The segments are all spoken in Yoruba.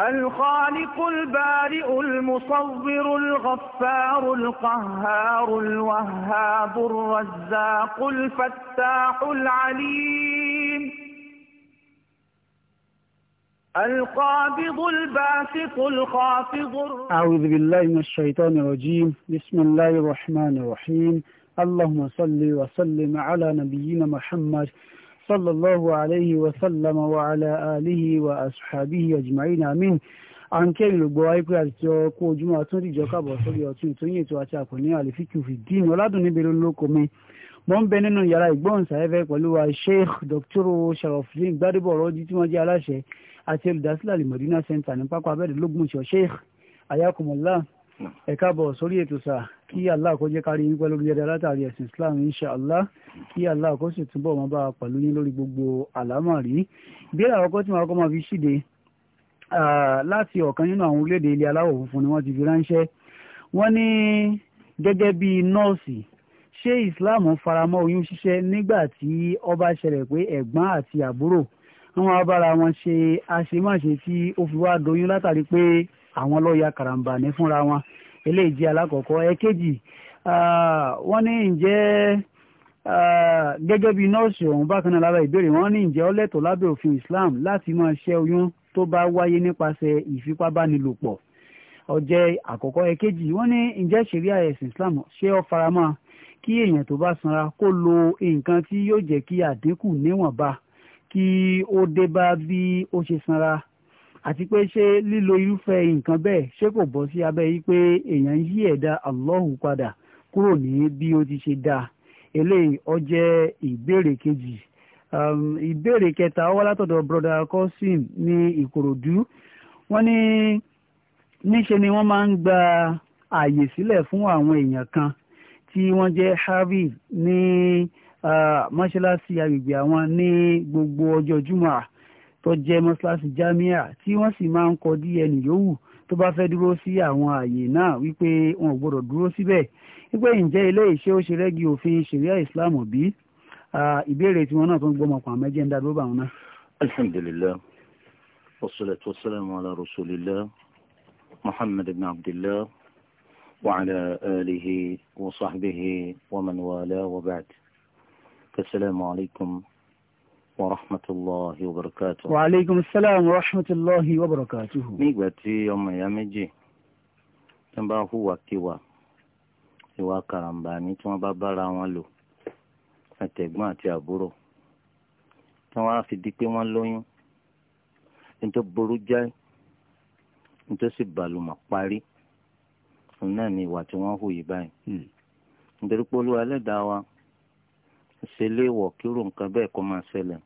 الخالق البارئ المصور الغفار القهار الوهاب الرزاق الفتاح العليم القابض الباسط الخافض أعوذ بالله من الشيطان الرجيم بسم الله الرحمن الرحيم اللهم صل وسلم على نبينا محمد sallallahu alayhi wa sallam wa ala alihi wa ashabihi ajma'in amin à ń kẹ́rin lògbọ́ àìpé àtijọ́ kó ojúmọ́ àtúndìjọ́ kábọ̀ sórí ọtún ìtòyìn ètò àti àkùnrin àlèfíkù fìdín ọ̀làdùn níbi lóko mi mo ń bẹ nínú yàrá ìgbóhùnsáfẹ́fẹ́ pẹ̀lú wa sheikh dr sharafdin gbadebo ọ̀rọ̀jì tí wọ́n jẹ́ aláṣẹ àti olùdásílẹ̀ alimọ̀dínà center ní pápá abẹ́rẹ́ lógún ṣọ sheikh ayakumullah ẹ káàbọ̀ sórí ètò sáà kí allah kó jẹ́ kárí wípé lórí ẹ̀dá látàrí ẹ̀sìn islam inshallah kí allah kó sì túbọ̀ máa bá a pẹ̀lú yín lórí gbogbo àlámọ̀rí ìbéèrè àkọ́kọ́ tí màá kọ́ máa fi ṣíde láti ọ̀kan nínú àwọn orílẹ̀-èdè ilẹ̀ aláwọ̀ funfun ni wọ́n ti fi ránṣẹ́ wọ́n ní gẹ́gẹ́ bí nọ́ọ̀sì ṣé islam faramọ́ oyún ṣíṣẹ́ nígbà tí ó bá ṣẹlẹ̀ pé ẹ̀gbọ́n àti àbúrò wọn wá bára wọn ṣe àṣemáṣe tí ó fi wá doyún látàrí pé àwọn wọn eléyìí jẹ́ alákọ̀ọ́kọ́ ẹ̀kejì wọ́n ní ǹjẹ́ gẹ́gẹ́ bí nọ́ọ̀sì ọ̀hún bákan náà lára ìbéèrè wọ́n ní ǹjẹ́ ó lẹ́tọ̀ọ́ òfin Islam láti máa ṣẹ́ oyún tó bá wáyé nípasẹ̀ ìfipábánilòpọ̀ ọjẹ́ àkọ́kọ́ ẹ̀kejì wọ́n ní ǹjẹ́ ṣẹ̀ríà ẹ̀sìn Islam ṣé ó faramọ́ kí èèyàn tó bá sanra kó lo nǹkan tí yóò jẹ́ kí àdínkù níwọ̀nba kí ó dé bá bí ó ṣe sanra àti pé ṣé lílo irúfẹ́ nǹkan bẹ́ẹ̀ ṣé kò bọ́ sí abẹ́ yìí pé èèyàn ń yí ẹ̀dá Allahu padà kúrò ní bí ó ti ṣe dáa eléyìí ó jẹ́ ìbéèrè kejì um, ìbéèrè kẹta ó látọ̀dọ̀ broda Kosim ní Ìkòròdú wọ́n ní níṣe ni wọ́n máa ń gba ààyè sílẹ̀ fún àwọn èèyàn kan tí wọ́n jẹ́ harvey ní uh, mọ́ṣáláṣí agbègbè àwọn ní gbogbo ọjọ́ jùmọ̀ tó jẹ́ mọ́ṣáláṣí jamia tí wọ́n sì máa ń kọ dí ẹnì yòówù tó bá fẹ́ dúró sí àwọn ààyè náà wípé wọn ò gbọ́dọ̀ dúró síbẹ̀ wípé ǹjẹ́ ilé ìṣe ó ṣe rẹ́gí òfin ṣẹ̀ríà islam bí ìbéèrè tiwọn náà tó ń gbọ́mọ pa ń dádúró bá wọn náà. alhamdulillah wassalatu wassalamu ala rasulillah muhammad ibn abdillah wa ala alihi wa sahbihi wa man wala wa ba'd assalamu alaikum. ورحمة الله وبركاته وعليكم السلام ورحمة الله وبركاته nígbà tí ọmọ ìyá méjì tí wọ́n bá hùwà kíwà ìwà karambani tí wọ́n bá bára wọn lò àtẹ̀gbọ́n àti àbúrò tí wọ́n á fi di pé wọ́n lóyún nítorí burú jáì nítorí sì bàlùmọ̀ parí òun náà ni ìwà tí wọ́n hù yìí báyìí hmm. nítorí pé olúwa ẹlẹ́dàá wa ṣe léèwọ̀ kírò nǹkan bẹ́ẹ̀ kó máa ṣẹlẹ̀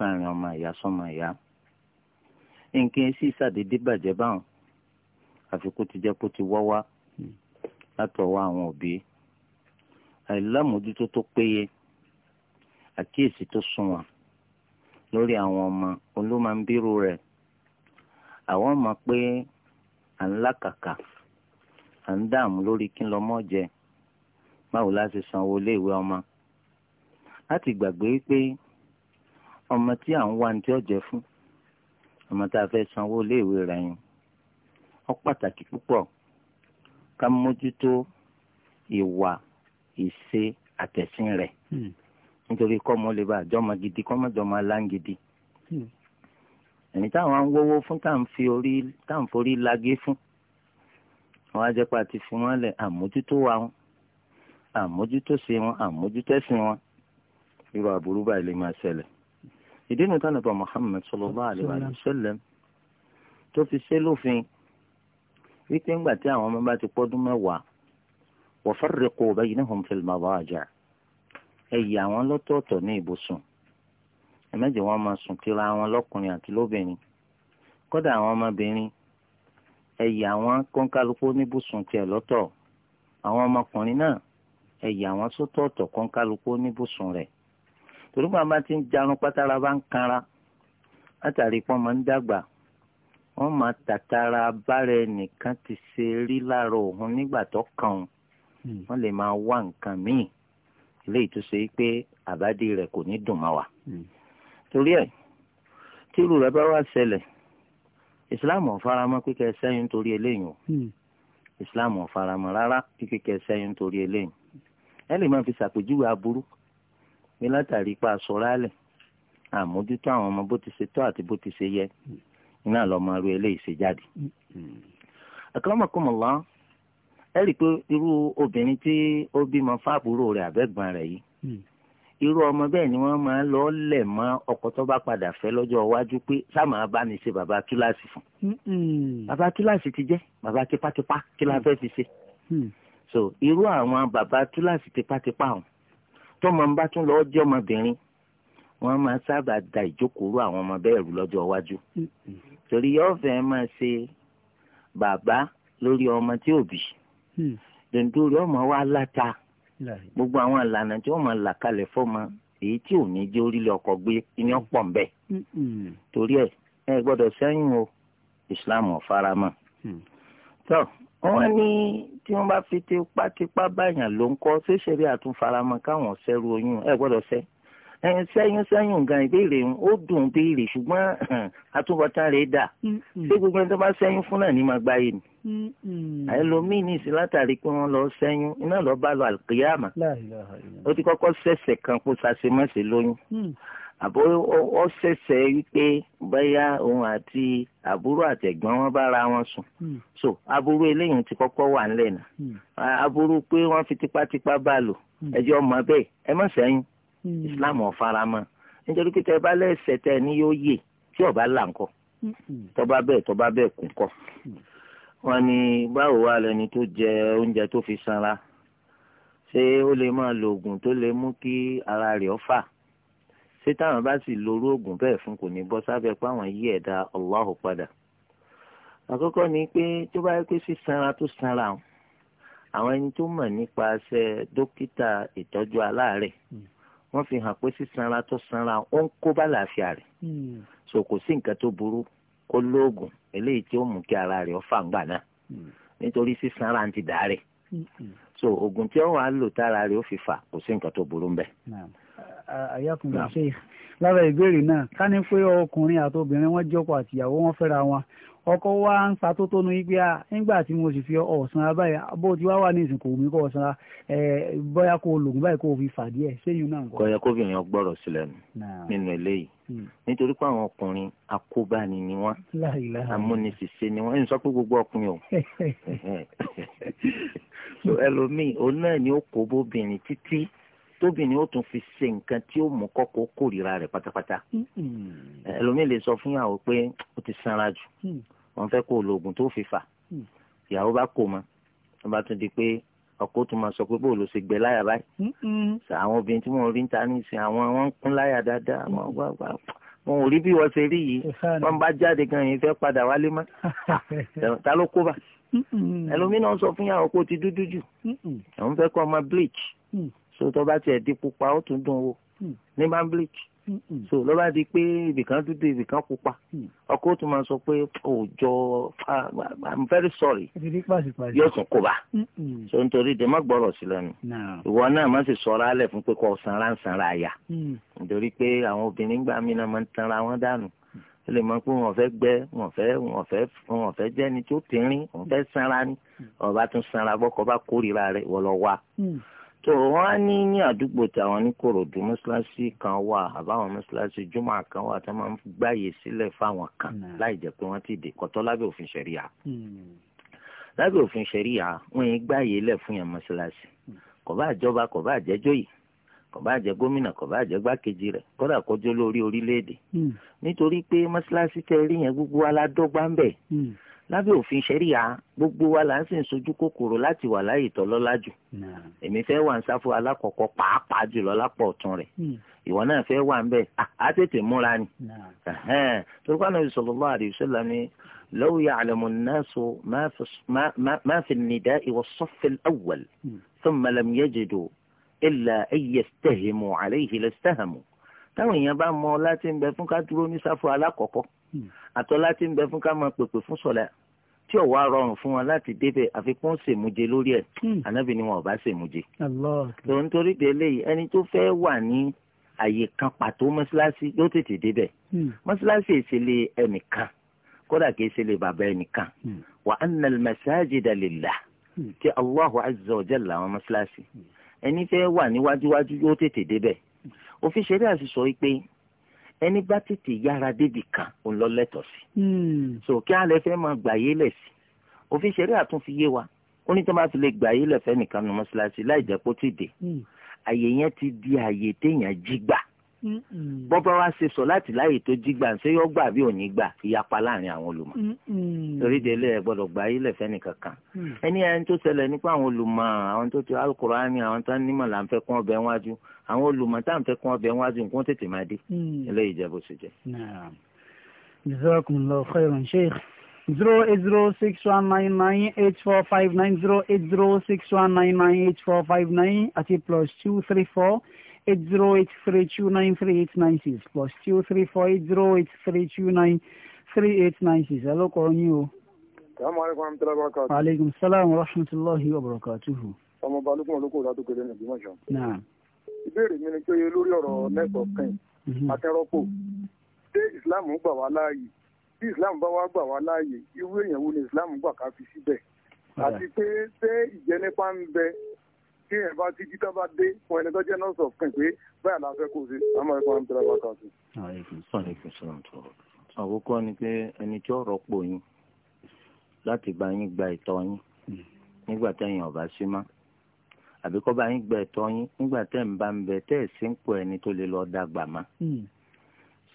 láàrin ọmọ ìyá sọmọ ìyá nǹkan sì ṣàdédé bàjẹ́ báwọn àfikún ti jẹ́ kó ti wọ́ wá hmm. látọwọ́ àwọn òbí àìlámójútó tó péye àkíyèsí tó sunwọ̀n lórí àwọn ọmọ olómàmbírú rẹ̀ àwọn ọmọ pé à ń làkàkà à ń dààmú lórí kí n lọ mọ́ jẹ báwo la sanwó iléèwé ọmọ láti gbàgbé pé ọmọ tí à ń wá ní tí ó jẹ fún ọmọ tá a fẹ́ sanwó iléèwé rẹ̀ yẹn ó pàtàkì púpọ̀ ká mójútó ìwà ìṣe àtẹ̀sìn rẹ̀ hmm. nítorí kọ́ ọmọ lè bá àjọmọ gidi kọ́ ọmọ jọmọ aláǹgidi hmm. ẹni táwọn ń wówó fún tá à ń fi orí tá à ń forí lagé fún wọn á jẹ́ pé a ti fi wọ́n lẹ̀ àmójútó wa wọn àmójútó sí wọn àmójútẹ́sìn wọn irú àbúrú báyìí lè máa ṣẹlẹ̀ ìdí nu tánàbà Muhammad sallallahu alaihi wasallam tó fi ṣe lófin wípé ńgbà tí àwọn ọmọ bá ti pọ́dún mẹ́wàá wa farriqu baynahum fil madaji' ẹ yà wọ́n lọ́tọ̀ọ̀tọ̀ ní ibùsùn ẹ má jẹ́ wọ́n máa sùn kíra wọn lọ́kùnrin àti lóbìnrin kódà àwọn ọmọbìnrin ẹ yà wọ́n kọ́ńkálukú níbùsùn tiẹ̀ lọ́tọ̀ àwọn ọmọkùnrin náà ẹ yà sọ́tọ̀ọ̀tọ̀ kọ́ńkálukú níbùsùn rẹ̀ torí pé àbá ti ń jarun pátára bá ń kanra látàrí pé ọmọ ń dàgbà wọ́n máa tàtàrà bára ẹnìkan ti ṣe rí lára òun nígbà tó kàn ọ́n hmm. wọ́n lè máa wá nǹkan míì eléyìí tó ṣe pé àbádé rẹ̀ kò ní dùn mọ́ wa. Hmm. torí ẹ̀ tírú rẹ̀ bá wá ṣẹlẹ̀ ìsìláàmù ò faramọ́ kíkẹ́ sẹ́yìn nítorí eléyìí o ìsìláàmù hmm. ò faramọ́ rárá kíkẹ́ sẹ́yìn nítorí eléyìí ẹ lè máa fi ṣàpèjúwe aburú pé látàrí pa àsọ̀rọ̀ alẹ̀ àmójútó àwọn ọmọ bó ti ṣe tó àti bó ti ṣe yẹ iná lọ́mọ aró eléyìí ṣe jáde. àkàràmọ̀kọ́mọ̀lá ẹ rí i pé irú obìnrin tí ó bímọ fáàbúrò rẹ̀ àbẹ́gbọ́n rẹ̀ yìí irú ọmọ bẹ́ẹ̀ ni wọ́n máa lọ lẹ̀ mọ́ ọkọ tó bá padà fẹ́ lọ́jọ́ iwájú pé sáà bá mi ṣe bàbá kíláàsì fún. bàbá kíláàsì ti jẹ́ bàbá tipátipá kí la fẹ́ fi ṣe. so irú àwọn bàbá kíláàsì tipátipá ọ̀hún tó máa ń bá tún lọ́ọ́ jẹ́ ọmọbìnrin wọ́n máa sábà da ìjókòó àwọn ọmọ bẹ́ẹ̀ rú lọ́jọ́ iwájú torí yóò fẹ́ máa ṣe bàbá lórí ọmọ tí ò bí dèndórí ọmọ wa láta gbogbo àwọn ìlànà tí wọ́n máa là kalẹ̀ fọ́mọ èyí tí ò ní jẹ́ orílẹ̀ ọkọ gbé ní ọ̀pọ̀ ń bẹ torí ẹ ẹ gbọ́dọ̀ sẹ́yìn o islam ò faramọ́. tọ́ wọ́n ní tí wọ́n bá fi tipátipá báyàn ló ń kọ́ ṣé ṣẹ̀rí àtúnfaramọ́ káwọn ṣẹ́rú oyún ẹ gbọ́dọ̀ ṣẹ́ sẹ́yìn sẹ́yìn gan ìbéèrè ń ó dùn béèrè ṣùgbọ́n àtúbọ̀tán rẹ̀ dà ṣé gbogbo ẹni tó bá ṣẹ́yìn fún náà ní máa gbá yìí ni. àìlómìn ní ìsìn látàrí pé wọ́n lọ ṣẹ́yìn iná lọ́ọ́ bá lọ àlùkìyàmà ó ti kọ́kọ́ ṣẹ̀ṣẹ̀ kan kó ṣàṣemọ́ṣe lóyún. Mm àbó ó ṣẹ̀ṣẹ̀ wípé bóyá òun àti àbúrò àtẹ̀gbọ́n wọn bára wọn sùn hmm. so aburú eléyìí ti kọ́kọ́ wà nílẹ̀ náà aburú hmm. pé wọ́n fi tipátipá bá lò hmm. ẹjọ́ ọmọ bẹ́ẹ̀ ẹ má sẹ́yìn Islam ò fara mọ́ nítorí pé tẹ́ bá lẹ́sẹ̀ tẹ́ ni yóò yè tí ọba là ń kọ́ tọ́ba bẹ́ẹ̀ tọ́ba bẹ́ẹ̀ kún kọ́ wọ́n ní báwo wà lẹni tó jẹ oúnjẹ tó fi sanra ṣé ó lè máa lo oògùn tó lè mú kí ara rẹ̀ ọ́ fà ṣé táwọn bá sì lóró oògùn bẹ́ẹ̀ fún kò ní bọ́ sábẹ́ pé àwọn yí ẹ̀dá Allahu padà àkọ́kọ́ ni pé tó bá yẹ pé sísanra tó sanra àwọn ẹni tó mọ̀ nípasẹ̀ dókítà ìtọ́jú aláàárẹ̀ wọ́n fi hàn pé sísanra tó sanra ó ń kó bá làáfíà rẹ̀ hmm. so kò sí nǹkan tó burú kó lóògùn eléyìí tí ó mú kí ara rẹ̀ ó fàǹgbà náà hmm. nítorí sísanra ti dàárẹ̀ hmm, so oògùn tí ó wà á lò tára rẹ̀ ó fi fà kò sí nǹkan tó burú ń bẹ̀ àyàkùnrin ṣe lára ìbéèrè náà ká ní pé ọkùnrin àti obìnrin wọn jọkọ àtìyàwó wọn fẹ́ra wọn ọkọ wa ń ṣàtótónu wípé a nígbà tí mo sì fi ọ̀sán abáyé bó ti wá wà ní ìsìnkú mi kó ọ̀sán bóyá kó o lògùn báyìí kó o fi fà díẹ̀ sẹ́yìn náà. kọyọ kóbìnrin ọgbọrọ sílẹ̀ nínú eléyìí hmm. nítorí pé àwọn ọkùnrin akóbáni ni wọn amúnisìṣe ni wọn ẹni sọ pé gbogbo ọkùnrin o so ẹlòmíì òun náà ni ó kó bóbìnrin títí tóbìnrin ó tún fi ṣe nǹkan tí ó mú kọ́kọ́ kórìíra rẹ̀ pátápátá mm-hmm. ẹlòmíì lè sọ fún ìyàwó pé ó ti sanra jù mm-hmm. wọ́n fẹ́ kó o lo oògùn tó fi fà mm-hmm. ìyàwó bá kó o mọ́ wọ́n bá tún di pé ọkọ tó máa sọ pé bó ló ṣe gbẹ láyà báyìí àwọn obìnrin tí wọ́n rí ń ta ní ìsìn àwọn wọ́n ń kún láyà dáadáa àwọn gbàgbà wọn ò rí bí wọ́n ṣe rí yìí wọ́n bá jáde gan yìí fẹ́ padà wálé mọ́ ta ló kó bá ẹlòmíì náà sọ fún ìyàwó pé ó ti dúdú jù bleach so tó bá tiẹ̀ di pupa ó tún dùn wò hmm. ní bambiliki hmm, hmm. so ló bá di pé ibìkan dúdú ibìkan pupa ọkọ tún máa sọ pé òòjọ i'm very sorry yóò tún kó bá so nítorí dè má gbọ́rọ̀ sí lẹ́nu ìwọ náà má sì sọ̀rọ̀ alẹ̀ fún pé kò sanra ń sanra àyà nítorí pé àwọn obìnrin gbà mí náà máa ń tanra wọn dànù ó lè mọ pé wọn fẹ́ gbẹ wọn fẹ́ wọn fẹ́ wọn fẹ́ jẹni tó tẹrín wọn fẹ́ sanra ni ọba tún sanra bọkọ bá kórìíra rẹ̀ wọlọ wa tó wọn á ní ní àdúgbò tàwọn ní Kòròdú mọ́ṣáláṣí kan wà àbáwọn mọ́ṣáláṣí jùmọ̀ kan wà tó máa ń gbàyè sílẹ̀ fáwọn kan hmm. láì jẹ́ pé wọ́n ti dè kọ́tọ́ lábẹ́ òfin ṣẹ̀ríà hmm. lábẹ́ òfin ṣẹ̀ríà wọ́n yẹn gbàyè lẹ̀ fún yẹn mọ́ṣáláṣí hmm. kò bá jọba kò bá jẹ́jọ́ yìí kò bá jẹ́ gómìnà kò bá jẹ́ gbákejì rẹ̀ kódà kọjọ́ lórí orílẹ̀-èdè nítorí pé mọ́ṣáláṣí tẹ́ rí yẹn gbogbo aládọ́gbá ń bẹ̀ lábẹ́ òfin ṣẹ́ríà gbogbo wa là ń sì ń sojú kòkòrò láti wà láyè tọ́lọ́lá jù èmi fẹ́ wà ń sáfù alákọ̀ọ́kọ́ pàápàá jùlọ lápò ọ̀tún rẹ̀ hmm. ìwọ náà fẹ́ wà ń bẹ̀ á tètè múra ni torí pàánù sallallahu alaihi wasallam ni law ya'lamu an-nasu ma fi an-nida'i was-saff al-awwal hmm. thumma lam yajidu illa an yastahimu alayhi táwọn èèyàn bá mọ ọlá ń bẹ fún ká dúró ní sáfù alákọ̀ọ́kọ́ àtọ́lá ti ń bẹ fún ká máa pèpè fún sọ̀lá tí ọ̀wá rọrùn fún wọn láti débẹ̀ àfikún ṣèmúje lórí ẹ̀ hmm. ànábì ni wọn ò bá ṣèmúje. tó ń torí de eléyìí ẹni tó fẹ́ wà ní àyè kan pàtó mọ́ṣáláṣí yóò tètè débẹ̀ hmm. mọ́ṣáláṣí ìṣẹ̀lẹ̀ ẹnìkan kódà kìí ṣe lè bàbá ẹnìkan hmm. wa anna al-masajida lillah tí Allahu azza wa jalla àwọn mọ́ṣáláṣí ẹni fẹ́ wà níwájúwájú yóò tètè débẹ̀ òfin ṣẹlẹ̀ àṣìṣọ́ pé ẹni bá tètè yára débì kan ò lọ lẹ́tọ̀ọ́ sí. Hmm. so kí alẹ́ fẹ́ máa gbà yé lẹ̀ sí òfin ṣeré àtúnfi yé wa ó ní tí wọ́n bá ti lè gbà yé lẹ̀ fẹ́ nìkan nu mọ́ṣáláṣí láì jẹ́ kó dé hmm. àyè yẹn ti di àyè téèyàn jí gbà bọ́ bá wá ṣe sọ láti láàyè tó jí gbà ṣé yóò gbà bí ò ní gbà ìyapa láàrin àwọn olùmọ̀ torí délé ẹ gbọ́dọ̀ gbà ayé lẹ̀fẹ́ nìkankan mm. ẹni ẹni tó ṣẹlẹ̀ nípa àwọn olùmọ̀ àwọn tó ti alukurani àwọn tó nímọ̀ là ń fẹ́ kún ọbẹ̀ wájú àwọn olùmọ̀ tá à ń fẹ́ kún ọbẹ̀ wájú nǹkan tètè máa dé mm. eléyìí jẹ́ bó ṣe jẹ́. jazakumullahu zero eight zero six one nine nine eight four five nine zero eight zero six one nine nine eight four five nine àti plus two three four eight zero eight three two nine three eight nine six plus two three four eight zero eight three two nine three eight nine six ẹ ló kọ yín o. salaamaleykum amtala barakatu. aleykum salaam wa rahmatulahi wa barakatuhu. ọmọ balùwẹ̀ olóko ìlà tó kéré ní ìgbìmọ̀ ìṣàn. naam. ìbéèrè mi ni pé lórí ọ̀rọ̀ mm-hmm. network kan mm-hmm. akẹ́rọ́pò ṣé islam gbà wá láàyè tí islam bá wá gbà wá láàyè irú èèyàn wo ni islam gbà ká fi síbẹ̀ àti pé ṣé ìjẹnipa ń bẹ kí ẹ̀ bá títí tá bá dé fún ẹni tó jẹ́ nọ́ọ̀sì ọ̀fìn pé báyà la fẹ́ kó ṣe àmọ́ ẹ̀kọ́ àmì tẹ́lẹ̀ wákà sí. àkọ́kọ́ ni pé ẹni tí ó rọ́pò yín láti bá yín gba ìtọ́ yín nígbà tẹ́yìn ọ̀bá sí mọ́ àbí kọ́ bá yín gba ìtọ́ yín nígbà tẹ́ ń bá ń bẹ tẹ́ ẹ̀ sí ń pò ẹni tó lè lọ dàgbà mọ́. Hmm.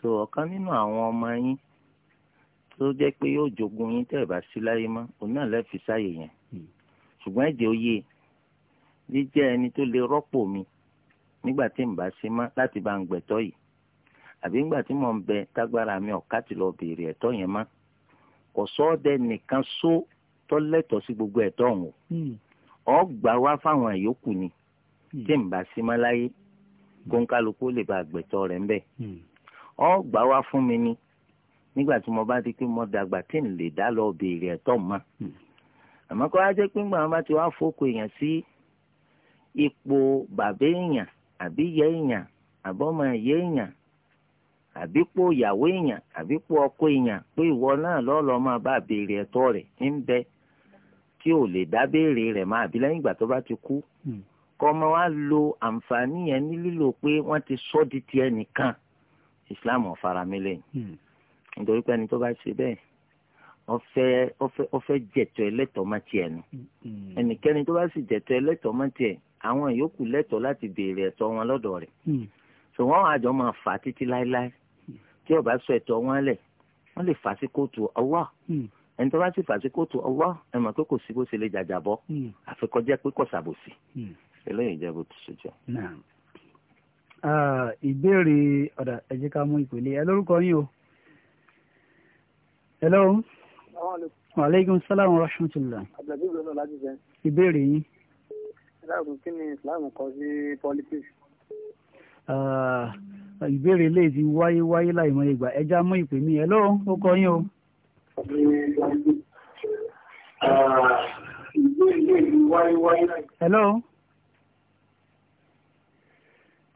so ọ̀kan nínú àwọn ọmọ yín tó jẹ́ pé yóò jogun yín tẹ́ ẹ̀ bá sí láyé mọ́ òun náà lẹ́ẹ̀fi sáyè yẹn hmm. ṣùgbọ́n ẹ̀jẹ̀ ó yé e jíjẹ́ ẹni tó lè rọ́pò mi nígbà tí n bá ṣe má láti bá ń gbẹ̀tọ́ yìí àbí ńgbà tí ń bẹ tágbára mi ọ̀ká ti lọ bèèrè ẹ̀tọ́ yẹn má kò sọ ọ́ dẹ nìkan só sí gbogbo ẹ̀tọ́ ọ̀hún hmm. ọ́ gbà wá fáwọn àyókù ni hmm. tí n bá ṣe láyé hmm. lè bá gbẹ̀tọ́ rẹ̀ ń bẹ̀ ọ́ fún mi ni nígbà tí mo bá di pé mo dàgbà tí n lè dá lọ ẹ̀tọ́ mọ́ àmọ́ pé ńgbà wọn ipò bàbá èèyàn àbí ìyá èèyàn àbọ́mọ ìyá èèyàn àbípò ìyàwó èèyàn àbípò ọkọ èèyàn pé ìwọ náà lọ́ọ́lọ́ máa bá béèrè ẹ̀tọ́ rẹ̀ ń bẹ tí ò lè dá béèrè rẹ̀ máa bí lẹ́yìn ìgbà tó bá ti kú hmm. kọ́ ọmọ wa lo àǹfààní yẹn ní lílo pé wọ́n ti sọ́ di tiẹ̀ nìkan Islam ò fara mi lẹ́yìn hmm. nítorí pé ẹni tó bá ṣe bẹ́ẹ̀ ọfẹ ọfẹ ọfẹ jẹtọ ẹlẹtọ má tiẹ̀ nù hmm. ẹnikẹ́ni tó bá sì jẹtọ ẹlẹtọ má tiẹ̀ àwọn yòókù lẹ́tọ̀ọ́ láti béèrè ẹ̀tọ́ wọn lọ́dọ̀ rẹ̀ hmm. so wọ́n àjọ máa fà títí láéláé hmm. tí ó bá sọ ẹ̀tọ́ wọn lẹ̀ wọ́n lè fà sí kóòtù Allah hmm. ẹni tó bá sì fà sí kóòtù Allah ẹ mọ̀ pé kò sí bó ṣe lè jàjà bọ́ àfikọ́jẹ́ pé kò sàbòsí eléyìí jẹ́ bó ti ṣe jẹ́. Ah, ìbéèrè ọ̀dà ẹ jẹ́ ká mú ìpele ẹ lórúkọ yín o. hello. waaleykum salaam wa rahmatulah dáàbò kí ni islam kọ sí politics. Ah, ìbéèrè lè ti wáyé wáyé láì mọ ìgbà ẹja mú ìpè mí ẹ lóhùn ó kọ yín o. ìbéèrè lè ti wáyé wáyé láì. ẹ lóhùn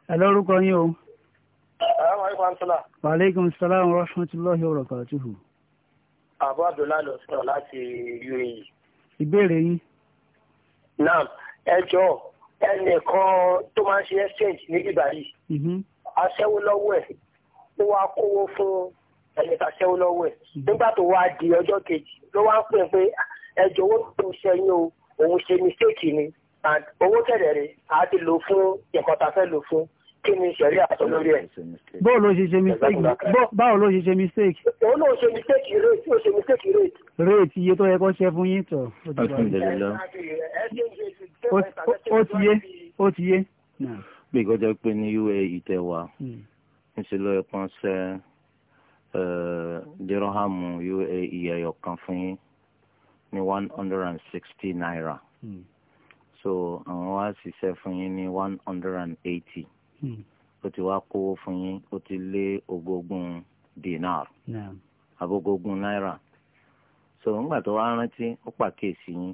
ẹ lórúkọ yín o. Wa alaikum salaam wa rahmatullahi wa barakatuhu. Àbọ̀ Abdullahi lọ sọ̀rọ̀ láti UAE. Ìbéèrè yín. Náà, ẹjọ́ ẹnìkan tó máa ń ṣe exchange níbí báyìí mhm. aṣẹ́wó lọ́wọ́ ẹ̀ ó wá kówó fún ẹnìkan aṣẹ́wó lọ́wọ́ ẹ̀ mhm. nígbà tó wá di ọjọ́ kejì ló wá ń pè pé ẹjọ́ owó tó ṣe yín o òun ṣe mistake ni owó kẹ̀dẹ̀rẹ̀ àá lò fún ẹ̀kọ́ ta lò fún kí ni ṣẹ̀rí àtọ́ lórí ẹ̀. báwo ló ṣe ṣe mistake báwo ló ṣe ṣe mistake. òun náà ṣe mistake rate ó ṣe mistake rate. rate iye tó yẹ kó ṣe fún yín tọ̀. ó ti yé ó ti yé. bí ìkọjá pé ní UAE ìtẹ̀wá hmm. ńṣe ló yẹ kán ṣe dírọ́hàmù UAE ẹyọ kan fún yín ní one hundred and sixty naira. Hmm. so àwọn wá ṣiṣẹ́ fún yín ní one hundred and eighty. Hmm. ó ti wá kówó fún yín ó ti lé ogógún dinar abógógún náírà so ńgbà tó wá rántí ó pàkíyèsí yín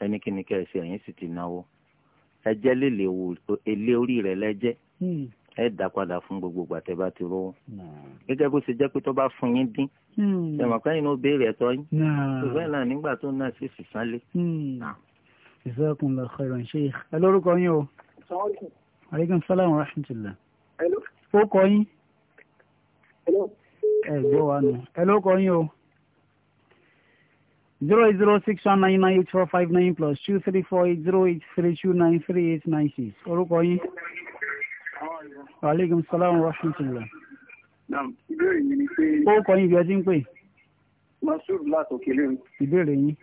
ẹni kí si ẹ̀yìn sì ti náwó ẹjẹ́ lèlè wò orí lẹ́jẹ́ hmm. ẹ dá fún gbogbo gbàtẹ́ bá ti rówó gẹ́gẹ́ bó ṣe jẹ́ pé tó bá fún yín dín ẹ̀wọ̀n kẹ́yìn ló béèrè ẹ̀tọ́ yín ìfẹ́ náà nígbà tó náà sì sì sánlé. ìfẹ́ kun ìrànṣẹ́ o. aleykum salaam wa rahmatulah. hello. ó kọ yín. hello. ẹ gbọ́ wa nù. hello kọ yín o. zero eight zero six one nine nine eight four five nine plus two three four eight zero eight three two nine three eight nine six orúkọ yín. wa aleykum salaam wa rahmatulah. naam ìbéèrè ó kọ yín ibi ọtí ń pè. masur látòkè lẹ́nu. ìbéèrè yín.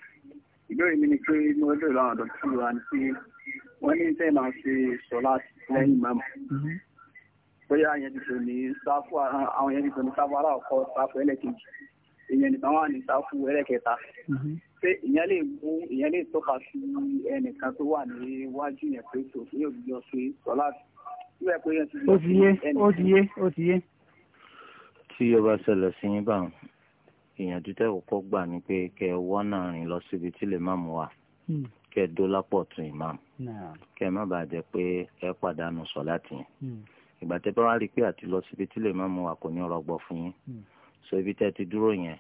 ìbéèrè mi ni pé mo lè lọ àwọn àdọ́tí wa ní sí wọ́n ní tẹ́ máa ṣe sọ́lá lẹ́yìn mọ́mọ́ mm-hmm. bóyá yẹn ti tò ní sáfù àwọn yẹn ti tò ní sáfù aláwọ̀kọ́ sáfù ẹlẹ́kejì èèyàn nìkan wà ní sáfù ẹlẹ́kẹta pé mm-hmm. ìyẹn lè mú ìyẹn lè tọ́ka sí ẹnìkan tó wà níwájú yẹn pé tò ní òbíjọ ṣe sọ́lá síbẹ̀ pé yẹn ti yọ sí ẹnì. ó ti yé ó ti yé. tí yóò bá ṣẹlẹ̀ sí yín báwọn ìyànjú tẹ́ kọ́kọ́ gbà ní pé kẹ́ ẹ wọ́n náà rìn lọ síbi tí lè má mú wa kẹ́ ẹ dó lápọ̀ tún imam kẹ́ ẹ má bàa jẹ́ pé ẹ pàdánù sọ̀láàtì yẹn hmm. ìgbà tẹ́ bá wá rí pé àti lọ síbi tí lè má mu wà kò ní rọgbọ fún yín hmm. so ibi tẹ́ ti dúró yẹn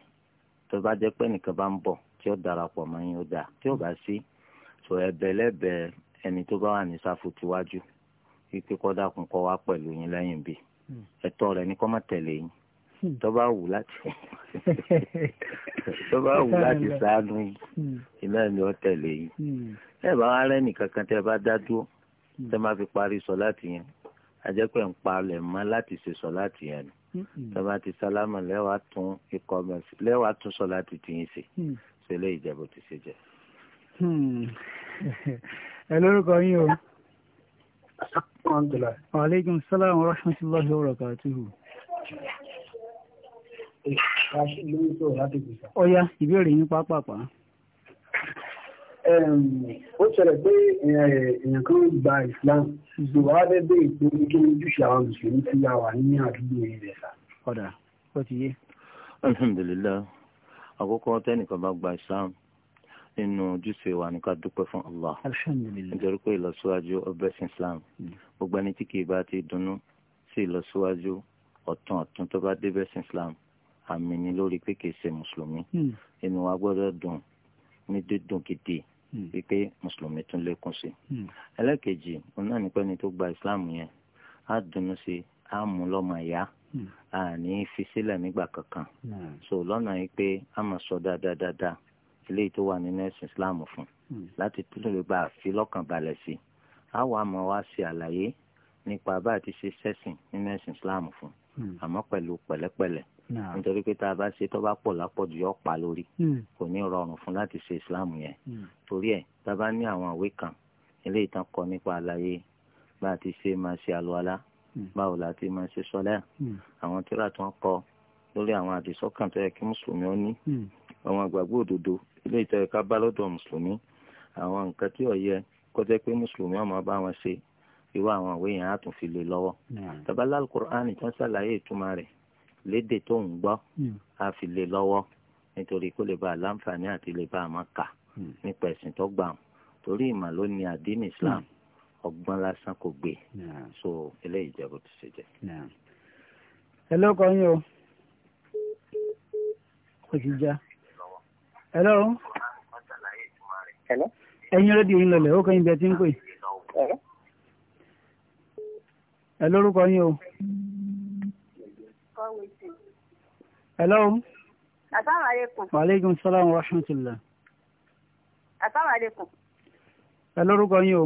tó bá jẹ́ pé nìkan bá ń bọ̀ tí ó darapọ̀ mọ́ yín ó dáa tí ó bá sí so ẹ̀bẹ̀ lẹ́bẹ̀ ẹni tó bá wà ní sáfù tiwájú wípé kọ́ dákun kọ́ wá pẹ̀lú yín lẹ́yìn bíi hmm. ẹ̀tọ́ rẹ̀ ní kọ́ má tẹ̀lé yín Hmm. tó bá wù láti tó wù láti ṣàánú yìí hmm. iná ni ó tẹ̀lé yìí hmm. ẹ bá wá rẹ́nì kankan tẹ́ bá dá dúró tẹ́ máa fi parí sọ láti yẹn ajẹ́pẹ̀ ń palẹ̀ mọ́ láti ṣe sọ láti yẹn ni tọ́ba ti sálámà lẹ́wà tún ikọ̀ mẹ́sì lẹ́wà tún sọ láti tìyín sí ṣẹlẹ̀ ìjẹ́bù ti ṣe jẹ. ẹ lórúkọ yín o. aleykum salaam wa rahmatulahi wa barakatuhu rasheed ló ń sọ̀rọ̀ láti gbèsè. ọ̀ya ìbéèrè yín pápápá. ó ṣẹlẹ̀ pé èèyàn kan gba islam mhm. ṣùgbọ́n wàá bẹ́ẹ̀ bẹ́ẹ̀ pé kí ni ojúṣe àwọn mùsùlùmí ti yà wà ní àdúgbò rẹ̀ sá. ọ̀dà ó ti yé. alhamdulilayi àkókò tẹnìkan bá gba islam nínú ojúṣe wa ní ká dúpẹ́ fún allah nítorí pé ìlọsíwájú ọbẹ̀ sí islam mm. gbogbo ẹni tí kì í bá ti dunnú sí ìlọsíwájú ọ̀tún ọ̀tún tó bá débẹ̀ sí islam àmì ni lórí pé kìí ṣe mùsùlùmí hmm. inú wa gbọ́dọ̀ dùn ní dídùn gidi hmm. wípé mùsùlùmí tún lékún sí i hmm. ẹlẹ́kejì òun náà ní pẹ́ni tó gba islam yẹn á dunnú sí i á mú lọ́mọ ìyá a ní fi sílẹ̀ nígbà kankan so lọ́nà yìí pé a máa sọ dáadáa dáadáa eléyìí tó wà nínú ẹ̀sìn islam fún láti tún lè gba àfi lọ́kàn balẹ̀ sí i á wàá máa wá ṣe àlàyé nípa bá a ti ṣe sẹ́sìn nínú ẹ̀sìn islam fún un Hmm. àmọ́ pẹ̀lú pẹ̀lẹ́pẹ̀lẹ́ nítorí pé tá a bá ṣe tó bá pọ̀ lápọ̀jù yọ pa lórí hmm. kò ní rọrùn fún láti ṣe islam yẹn hmm. torí ẹ̀ tá a bá ní àwọn àwé kan ilé ìtàn kọ nípa àlàyé bá a ti ṣe máa ṣe àlùwalá báwo la ti máa ṣe sọlẹ́ àwọn tíra tó ń kọ lórí àwọn àdìsọ́kàn tó yẹ kí mùsùlùmí ó ní àwọn àgbàgbọ́ òdodo ilé ìtàn ẹ̀ka bá lọ́dọ̀ mùsùlùmí àwọn nǹkan tí ó yẹ kó pé mùsùlùmí ó bá wọn ṣe irú àwọn ìwé yẹn á tún fi lè lọ́wọ́ tabalá Quran tó ń ṣàlàyé ìtumọ̀ rẹ̀ lédè tó ń gbọ́ á fi lè lọ́wọ́ nítorí kó lè bá a láǹfààní àti lè bá a máa kà nípa ẹ̀sìn tó gbà wọn torí ìmọ̀ ló ní àdínì islam ọgbọ́n lásán kò gbé so eléyìí jẹ́ bó ti ṣe jẹ́. ẹ lọ́kọ̀ yín o kò sì já ẹ lọ́rùn ẹ̀yin rédíò yín lọlẹ̀ ó kẹ́yìn bí ẹ ti ń pè ẹ lórúkọ yín o. hello. asalaamualeykum. maaleykum salaam wa rahmatulah. asalaamualeykum. ẹ lórúkọ yín o.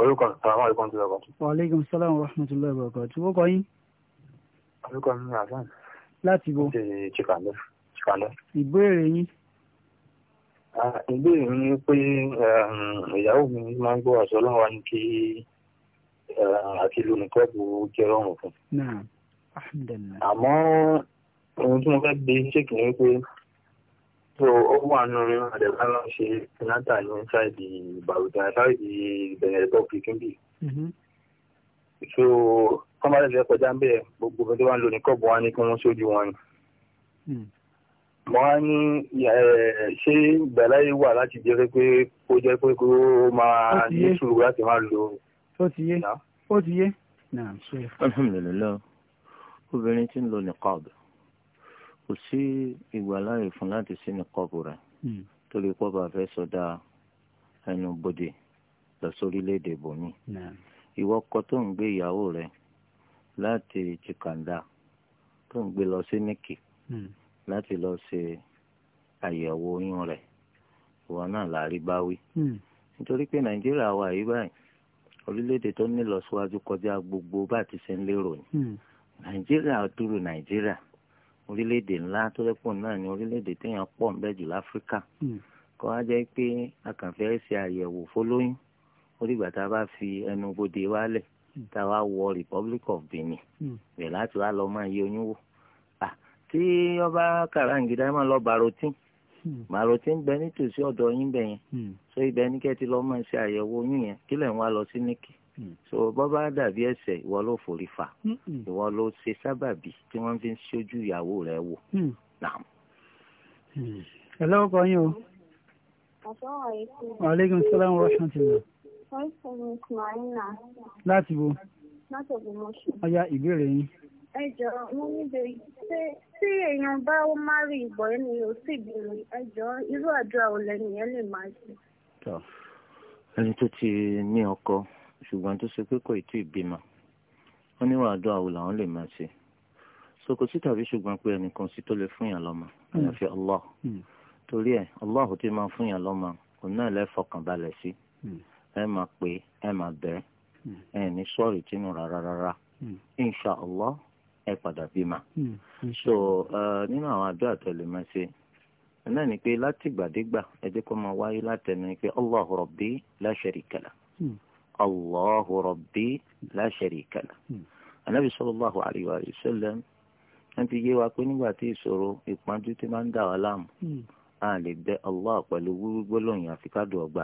orúkọ salaamualeykum ti lọ́kọ̀. waaleykum salaam wa rahmatulah bàkà tí wọ́n kọ yín. orúkọ mi ni hasan. láti bo. chikando. chikando. ìbéèrè yín ah, ìbéèrè mi ni pé ehm, ìyàwó mi máa ń gbọ́ àṣọ ọlọ́run wa ní kí àti lónìkọ́ọ̀bù jẹ́ rọrùn fún. àmọ́ ohun tí mo fẹ́ gbé ṣèkì ni pé so ó wà nù àdẹ̀bá lọ ṣe sinata ní ṣáìdì bàrùdàn ṣáìdì Benin Republic níbí. Mm-hmm. so wọ́n bá lẹ́sẹ̀ kọjá ń bẹ̀ gbogbo ẹni tó bá ń lo nìkọ́ọ̀bù wa ni kí wọ́n sójú wọn ni. Mm. mo wá ní ṣé ìgbàláyé wà láti jẹ́ pé kó jẹ́ pé kó máa ní sùúrù láti máa lo. tó ti yé ó ti yé. alhamdulilayi obìnrin tí ń lo niqab kò sí ìgbàláyè fún láti sí niqab rẹ̀ hmm. torí pọ́ bá fẹ́ sọdá ẹnu bodè lọ sórílẹ̀-èdè bòmí. ìwọ kọ tó ń gbé ìyàwó rẹ̀ láti chikanda tó ń gbé lọ sí níkì hmm. láti lọ ṣe àyẹ̀wò oyún rẹ̀ ìwọ náà láàrí báwí. Hmm. nítorí pé nàìjíríà wà yí báyìí orílẹ̀-èdè tó ní ìlọsíwájú kọjá gbogbo bá ti ṣe ń lérò ni hmm. nàìjíríà dúró nàìjíríà orílẹ̀-èdè ńlá tó lẹ́pọ̀ náà ni orílẹ̀-èdè téèyàn pọ̀ ń bẹ jù láfíríkà hmm. kọ́ á jẹ́ pé a kàn fẹ́ ṣe àyẹ̀wò fólóyún ó dìgbà tá a bá fi ẹnu bodè wálẹ̀ hmm. tá a wá wọ Republic of Benin rẹ̀ láti wá lọ máa yẹ oyún wò tí ọba kàràǹgídá máa lọ bàrò tíì Hmm. màrò tí ń bẹ nítòsí ọ̀dọ̀ yín bẹ̀ yẹn hmm. so ibẹ̀ ní kẹ́ ti lọ́ máa ṣe àyẹ̀wò oyún yẹn kí lẹ̀ ń wá lọ sí níkì hmm. so bọ́bá dàbí ẹ̀ṣẹ̀ ìwọ ló forí fa ìwọ ló ṣe sábàbí tí wọ́n fi ń ṣojú ìyàwó rẹ̀ wò. ẹ lọ́wọ́ kan yín o. Aleykum salaam wa rahmatulah. Láti wo? Láti Ògbómọ̀ṣọ́. Ọya ìbéèrè yín ẹ jọ mo níbẹ̀ ṣé tí èèyàn bá ó má rí ìgbọ̀ ẹni ò sì bìrì ẹ jọ irú àdúrà ò lẹ́nu yẹn lè máa ṣe. ẹni tó ti ní ọkọ ṣùgbọ́n tó ṣe pé kò tí ì bímọ wọ́n nírò àdúrà wo làwọn lè máa ṣe so sí tàbí ṣùgbọ́n pé ẹnìkan sí tó lè fún yàn lọ́mọ àyàfi mm. Allah mm. torí ẹ Allah tí máa fún yàn lọ́mọ òun náà lè sí mm. ẹ máa pè é ẹ máa bẹ̀ ẹ ní sọ́ọ̀rì tínú rárá rárá insha ẹ padà bímọ. Hmm, so uh, nínú àwọn àdúrà tó lè máa ṣe náà ni pé látìgbàdégbà ẹ jẹ́ kó máa wáyé látẹnu pé Allahu Rabbi la sharika lah hmm. Allahu Rabbi la sharika lah anabi hmm. sallallahu alayhi wa sallam wọ́n ti yé wa pé nígbà tí ìṣòro ìpọ́njú ti máa ń dà wá láàmú a lè bẹ Allah pẹ̀lú wíwí gbólóyìn àfikádùn ọgbà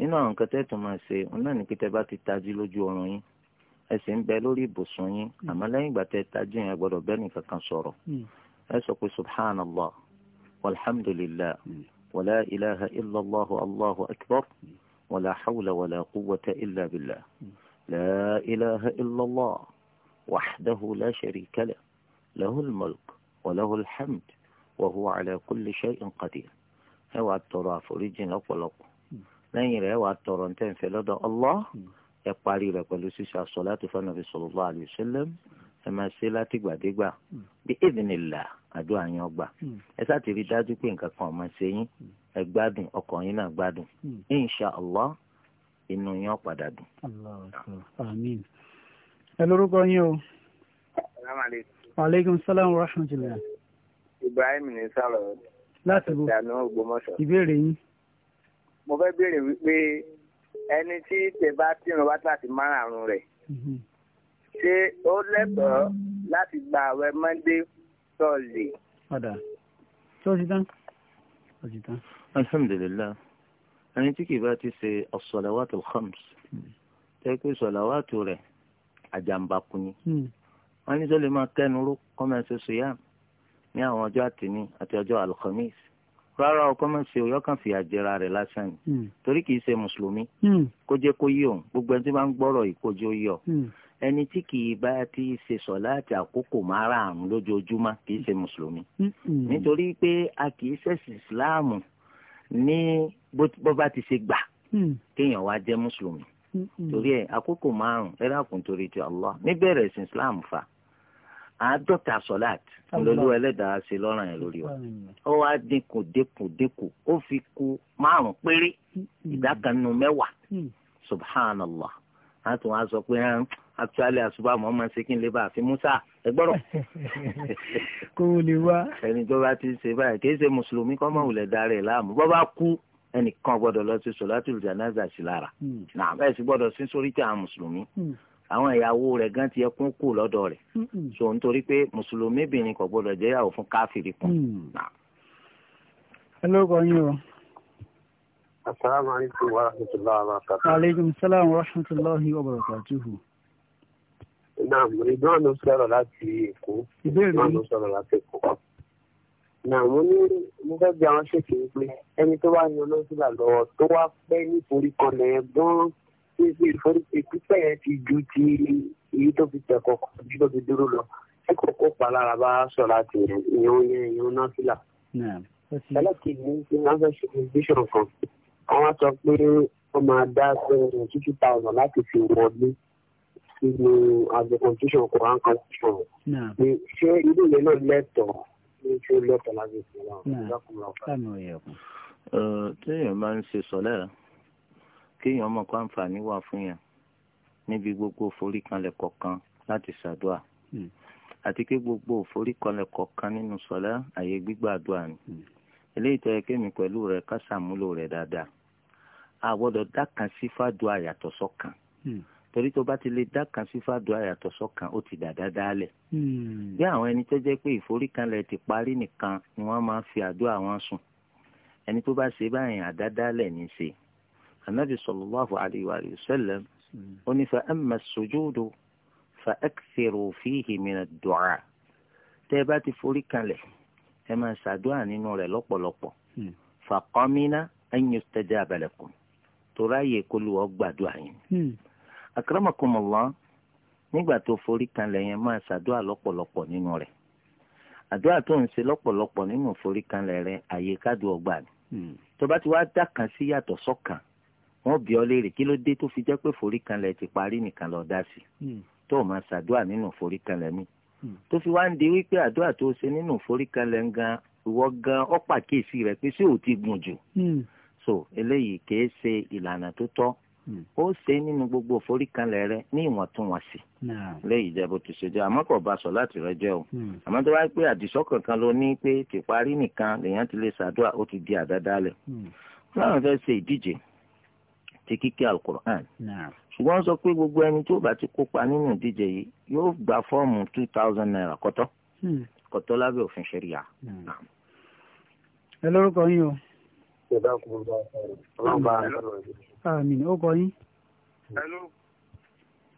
nínú àwọn nǹkan tẹ́tù máa ṣe náà ní pé tẹ́ bá ti tají lójú ọrùn yín ẹsẹ̀ ń bẹ lórí ibùsùn yín àmọ́ lẹ́yìn ìgbà tẹ́ tají yẹn gbọ́dọ̀ bẹ́ẹ̀ ni kankan sọ̀rọ̀ ẹ sọ pé subhana allah walhamdulilah wàlá ilaha illallah allahu akbar wàlá hawla wàlá quwwata illa billah la ilaha illallah wahdahu la sharika lah lahul mulk wa lahul hamd wa huwa ala kulli shay'in qadir ẹ wàá tọrọ àforíjì lọ́pọ̀lọpọ̀ lẹ́yìn rẹ̀ ẹ wàá tọrọ ntẹ́nfẹ́ lọ́dọ̀ allah. Mm. ẹ parí rẹ̀ pẹ̀lú ṣíṣe as-salatu fa nabi sallallahu alayhi wa sallam ẹ máa ṣe látìgbàdégbà bí idhnillah àdúrà yín ọgbà hmm. ẹ sáà ti rí dájú pé nǹkan kan ọmọ ṣe yín hmm. ẹ gbádùn ọkàn yín náà gbádùn hmm. insha allah inú yín ó padà dùn. àmín. ẹ lórúkọ yín o. salaamaleykum. maaleykum salaam wa rahmatulah. ibrahim ní sọ̀rọ̀. láti bo ìbéèrè yín. mo fẹ́ béèrè wípé ẹni tí tẹ̀ bá tìrùn wákàtí márùn-ún rẹ̀ mm-hmm. ṣé ó lẹ́tọ̀ọ́ láti gba àwẹ̀ monday thursday. ọ̀dà tó ti tán ó ti tán. alhamdulilayi ẹni tí kì bá ti ṣe as-salawatul khams mm-hmm. tẹ́ pé sọ̀làwàtò rẹ̀ àjàmbákun ni mm-hmm. wọ́n ní sọ́lẹ̀ máa kẹ́nu ró kọ́ máa ní àwọn ọjọ́ àtìní àti ọjọ́ alkhamis rárá ọkọ mọ̀ ṣe òyọ́ kan fìyà jẹra rẹ̀ lásán ni hmm. torí kìí ṣe mùsùlùmí hmm. kó jẹ́ kó yí òun gbogbo ẹni tí wọ́n ń gbọ́rọ̀ yìí kó jẹ́ ó yí ọ hmm. ẹni tí kìí bá ti ṣe sọ láti àkókò márààrún lójoojúmọ́ kìí ṣe mùsùlùmí nítorí pé a kìí ṣẹ̀sìn ìsìláàmù ní bó bá ti ṣe gbà kéèyàn wá jẹ́ mùsùlùmí torí ẹ àkókò márùn ẹ dákun torí ti Allah níbẹ̀rẹ̀ ìsìn islam fa àádọ́ta sọ̀láàtì lọ́lọ́ ẹlẹ́dàá ṣe lọ́ràn yẹn lórí wa ó wá dínkù dínkù dínkù ó fi kù márùn péré hmm. ìdá kan nínú mẹ́wàá hmm. subhanallah a tún wá sọ pé actually àṣùbà mọ́ máa ṣe kí n lè bá àfi musa ẹ gbọ́dọ̀. kó o lè wá. ẹni tó bá ti ṣe báyìí kì í ṣe mùsùlùmí kọ́ mọ̀ wùlẹ̀ darí ẹ̀ láàmú bọ́ bá kú ẹnìkan gbọ́dọ̀ lọ sí sọ̀láàtì ìjànáza sí lára hmm. ẹ̀ sì gbọ́dọ̀ sí sórí àwọn mùsùlùmí àwọn ìyàwó rẹ̀ gan ti ẹkún kù lọ́dọ̀ rẹ̀ so nítorí pé mùsùlùmí bìnrin kò gbọdọ̀ jẹ́yàwó fún káfíìrì kan. ẹ ló kọ yín o. asalaamualeykum wa rahmatulahi wa barakatuhu. aleykum salaam wa rahmatulahi wa barakatuhu. naam ìdán ló sọ̀rọ̀ láti èkó. ìbéèrè mi ìdán ló sọ̀rọ̀ láti èkó. naam mo ní mo fẹ́ bí àwọn ṣèkìrì pé ẹni tó wá ní olóṣèlú àlọ́ tó wá pẹ́ nítorí kan lẹ́yìn gan ṣe ìpínpẹ̀ yẹn ti ju ti èyí tó fi tẹ̀ kọ̀ọ̀kan ju tó fi dúró lọ ẹ kọ̀ọ̀kan palára bá sọ láti rẹ̀ ìyẹn yẹn ìyẹn náà fìlà. ẹlẹ́kìnrin ní ti máa ń fẹ́ ṣe fẹ́sọ̀rọ̀ kan àwọn sọ pé wọ́n máa dá seven fifty thousand láti fi wọlé sínú àgbẹ̀ constitution Quran constitution ni ṣé irú ilé náà lẹ́tọ̀ọ́ ní ṣé lẹ́tọ̀ọ́ láti fi wọn. téèyàn máa ń ṣe sọ lẹ́yìn kéèyàn mọ̀ kó àǹfààní wà fún yàn níbi gbogbo foríkanlẹ̀ kọ̀ọ̀kan láti ṣàdúà hmm. àti pé gbogbo foríkanlẹ̀ kọ̀ọ̀kan nínú sọ̀lá àyè gbígbàdúà ni hmm. eléyìí tó yẹ kémi pẹ̀lú rẹ̀ ká ṣàmúlò rẹ̀ dáadáa a gbọ́dọ̀ dákan sí fàdúà yàtọ̀ sọ́kan hmm. torí tó bá ti lè dákan sí fàdúà yàtọ̀ sọ́kan ó ti dàda dálẹ̀ bí àwọn ẹni tó jẹ́ pé ìforíkanlẹ̀ ti parí nìkan ni wọ́n máa fi àdúà wọn sùn ẹni tó bá ṣe báyìí àdádálẹ̀ ní í ṣe النبي صلى الله عليه وآله وسلم قل فأما السجود فأكثروا فيه من الدعاء تباتي فوريكا له كما سادوا نينو لوبو لوبو فقامنا أن يستجاب لكم تراي كل وقبة دعائين أكرمكم الله nígbà tó forí kanlẹ̀ yẹn máa ṣàdúrà lọ́pọ̀lọpọ̀ nínú rẹ̀ àdúrà tó ń ṣe lọ́pọ̀lọpọ̀ nínú forí kanlẹ̀ rẹ̀ àyè kádùn ọgbà ni tó bá ti wá dákan sí yàtọ̀ sọ́kan wọ́n bi ọ́ léèrè kí ló dé tó fi jẹ́ pé foríkanlẹ̀ ti parí nìkan lọ dá sí hmm. tó o máa ṣàdúrà nínú foríkanlẹ̀ mi hmm. tó fi wá ń di wípé àdúrà tó o ṣe nínú foríkanlẹ̀ gan ìwọ gan ọ́ pàkíyèsí rẹ̀ pé sí ò ti gùn jù hmm. so eléyìí kì í ṣe ìlànà tó tọ́ ó ṣe nínú gbogbo foríkanlẹ̀ rẹ ní ìwọ̀ntúnwọ̀nsì lẹ́yìn ìjẹ́bù tó ṣe jẹ́ àmọ́ kò bá sọ láti rẹ jẹ́ o àmọ́ tó wá pé àdìsọ́kàn kan ló ní pé tìparí nìkan lèèyàn ti lè ṣàdúrà ó ti di àdádálẹ̀ láwọn fẹ́ ṣe ìdíje àti kíkẹ́ alukur'an. ṣùgbọ́n sọ pé gbogbo ẹni tó bá ti kópa nínú ìdíje yìí yóò gba fọ́ọ̀mù two thousand naira kọ́tọ́ hmm. kọ́tọ́ lábẹ́ òfin ṣẹ̀ríà. ẹ lórúkọ yín o. ìjọba kò bá ọlọ́run bá a lọ́rọ̀ yìí. àmì ó kọ yín.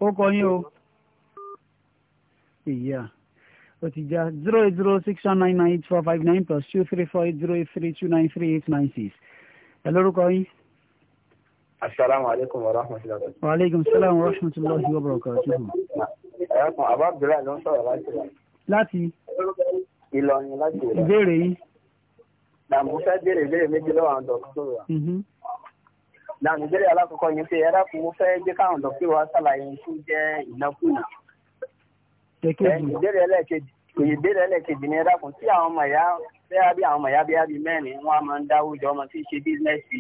ó kọ yín o. ìyá ó ti já zero eight zero six one nine nine eight four five nine plus two three four eight zero eight three two nine three eight nine six ẹ lórúkọ yín. Assalamu alaikum wa rahmatullahi wa barakatuh. Wa alaikum salam wa rahmatullahi wa barakatuh. Ẹ̀kùn Àbá Abdullahi ló ń sọ̀rọ̀ láti Ìlọrin. Láti? Ìlọrin láti Ìlọrin. Ìbéèrè yìí. Nàmú fẹ́ béèrè ìbéèrè méjì lọ́wọ́ àwọn dọ̀kítọ̀rù wa. Mm-hmm. Nàmú ìbéèrè alákọ̀ọ́kọ́ ni pé ẹ̀rá kò wọ́n fẹ́ jẹ́ káwọn dọ̀kítọ̀rù wa ṣàlàyé tó jẹ́ ìnákùnà. Ìbéèrè ẹlẹ́kejì ni ẹ̀dàkùn tí àwọn ọmọ ìyá bí àwọn ọmọ ìyá bí mẹ́rin wọn máa ń dáwó jọ ọmọ tí ń ṣe bísínẹ́sì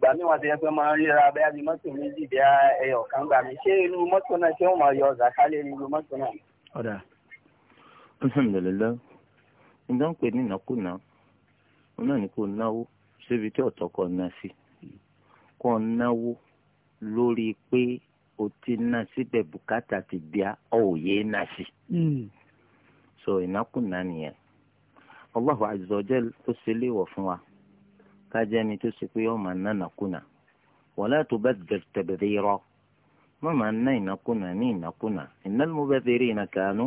gbà mí wọn ti yẹ pé máa ń ríra bẹ́ẹ̀ bí mọ́tò méjì bí ẹyọ kan gbà mí ṣé irú mọ́tò náà ṣé wọ́n máa yọ ọ̀zà kálẹ̀ irú mọ́tò náà. ọ̀dà alhamdulilayi ǹjẹ́ ń pè ní ìnákùná òun náà ní kó náwó síbi tí ọ̀tọ̀ kọ ná sí kó náwó lórí pé o ti ná síbẹ̀ bùkátà ti bíá òòyè ná sí. Hmm. so ìnákùná nìyẹn Allahu azza wa jal ó ṣe léèwọ̀ fún wa kájẹni tó ṣe pé ọmọ nánàkúnà wala tubadhir tabdhira má máa ná ìnákúnà ní ìnákúnà innal mubadhirina kanu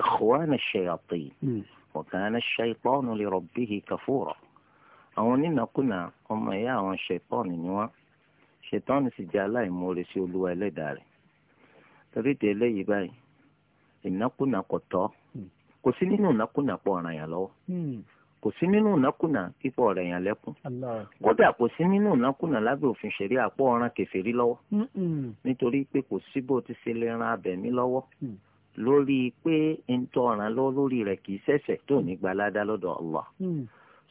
ikhwana ash-shayatin hmm. wa kana ash-shaytanu li rabbihi kafura àwọn onínàkúnà ọmọ ìyá àwọn ṣẹ̀tọ́ọ̀nù ni wọ́n ṣẹ̀tọ́ọ̀nù sì jẹ́ aláìmoore sí olúwa ẹlẹ́dàá rẹ̀ torí eléyìí báyìí ìnákúnà kò hmm. kò sí nínú ìnákúnà pọ̀ ọ̀ràn yàn lọ́wọ́ hmm kò sí nínú ìnákùnà pípọ̀ rẹ̀ yàn lẹ́kùn kódà kò sí nínú ìnákùnà lábẹ́ òfin ṣẹ̀rí àpò ọ̀ràn kẹfẹ́rí lọ́wọ́ nítorí pé kò sí bó ti ṣe lè ran abẹ̀mí lọ́wọ́ mm. lórí pé ń tọ́ ọ̀ràn lọ lórí rẹ̀ kì í ṣẹ̀ṣẹ̀ tó ní gbalada lọ́dọ̀ Allah mm.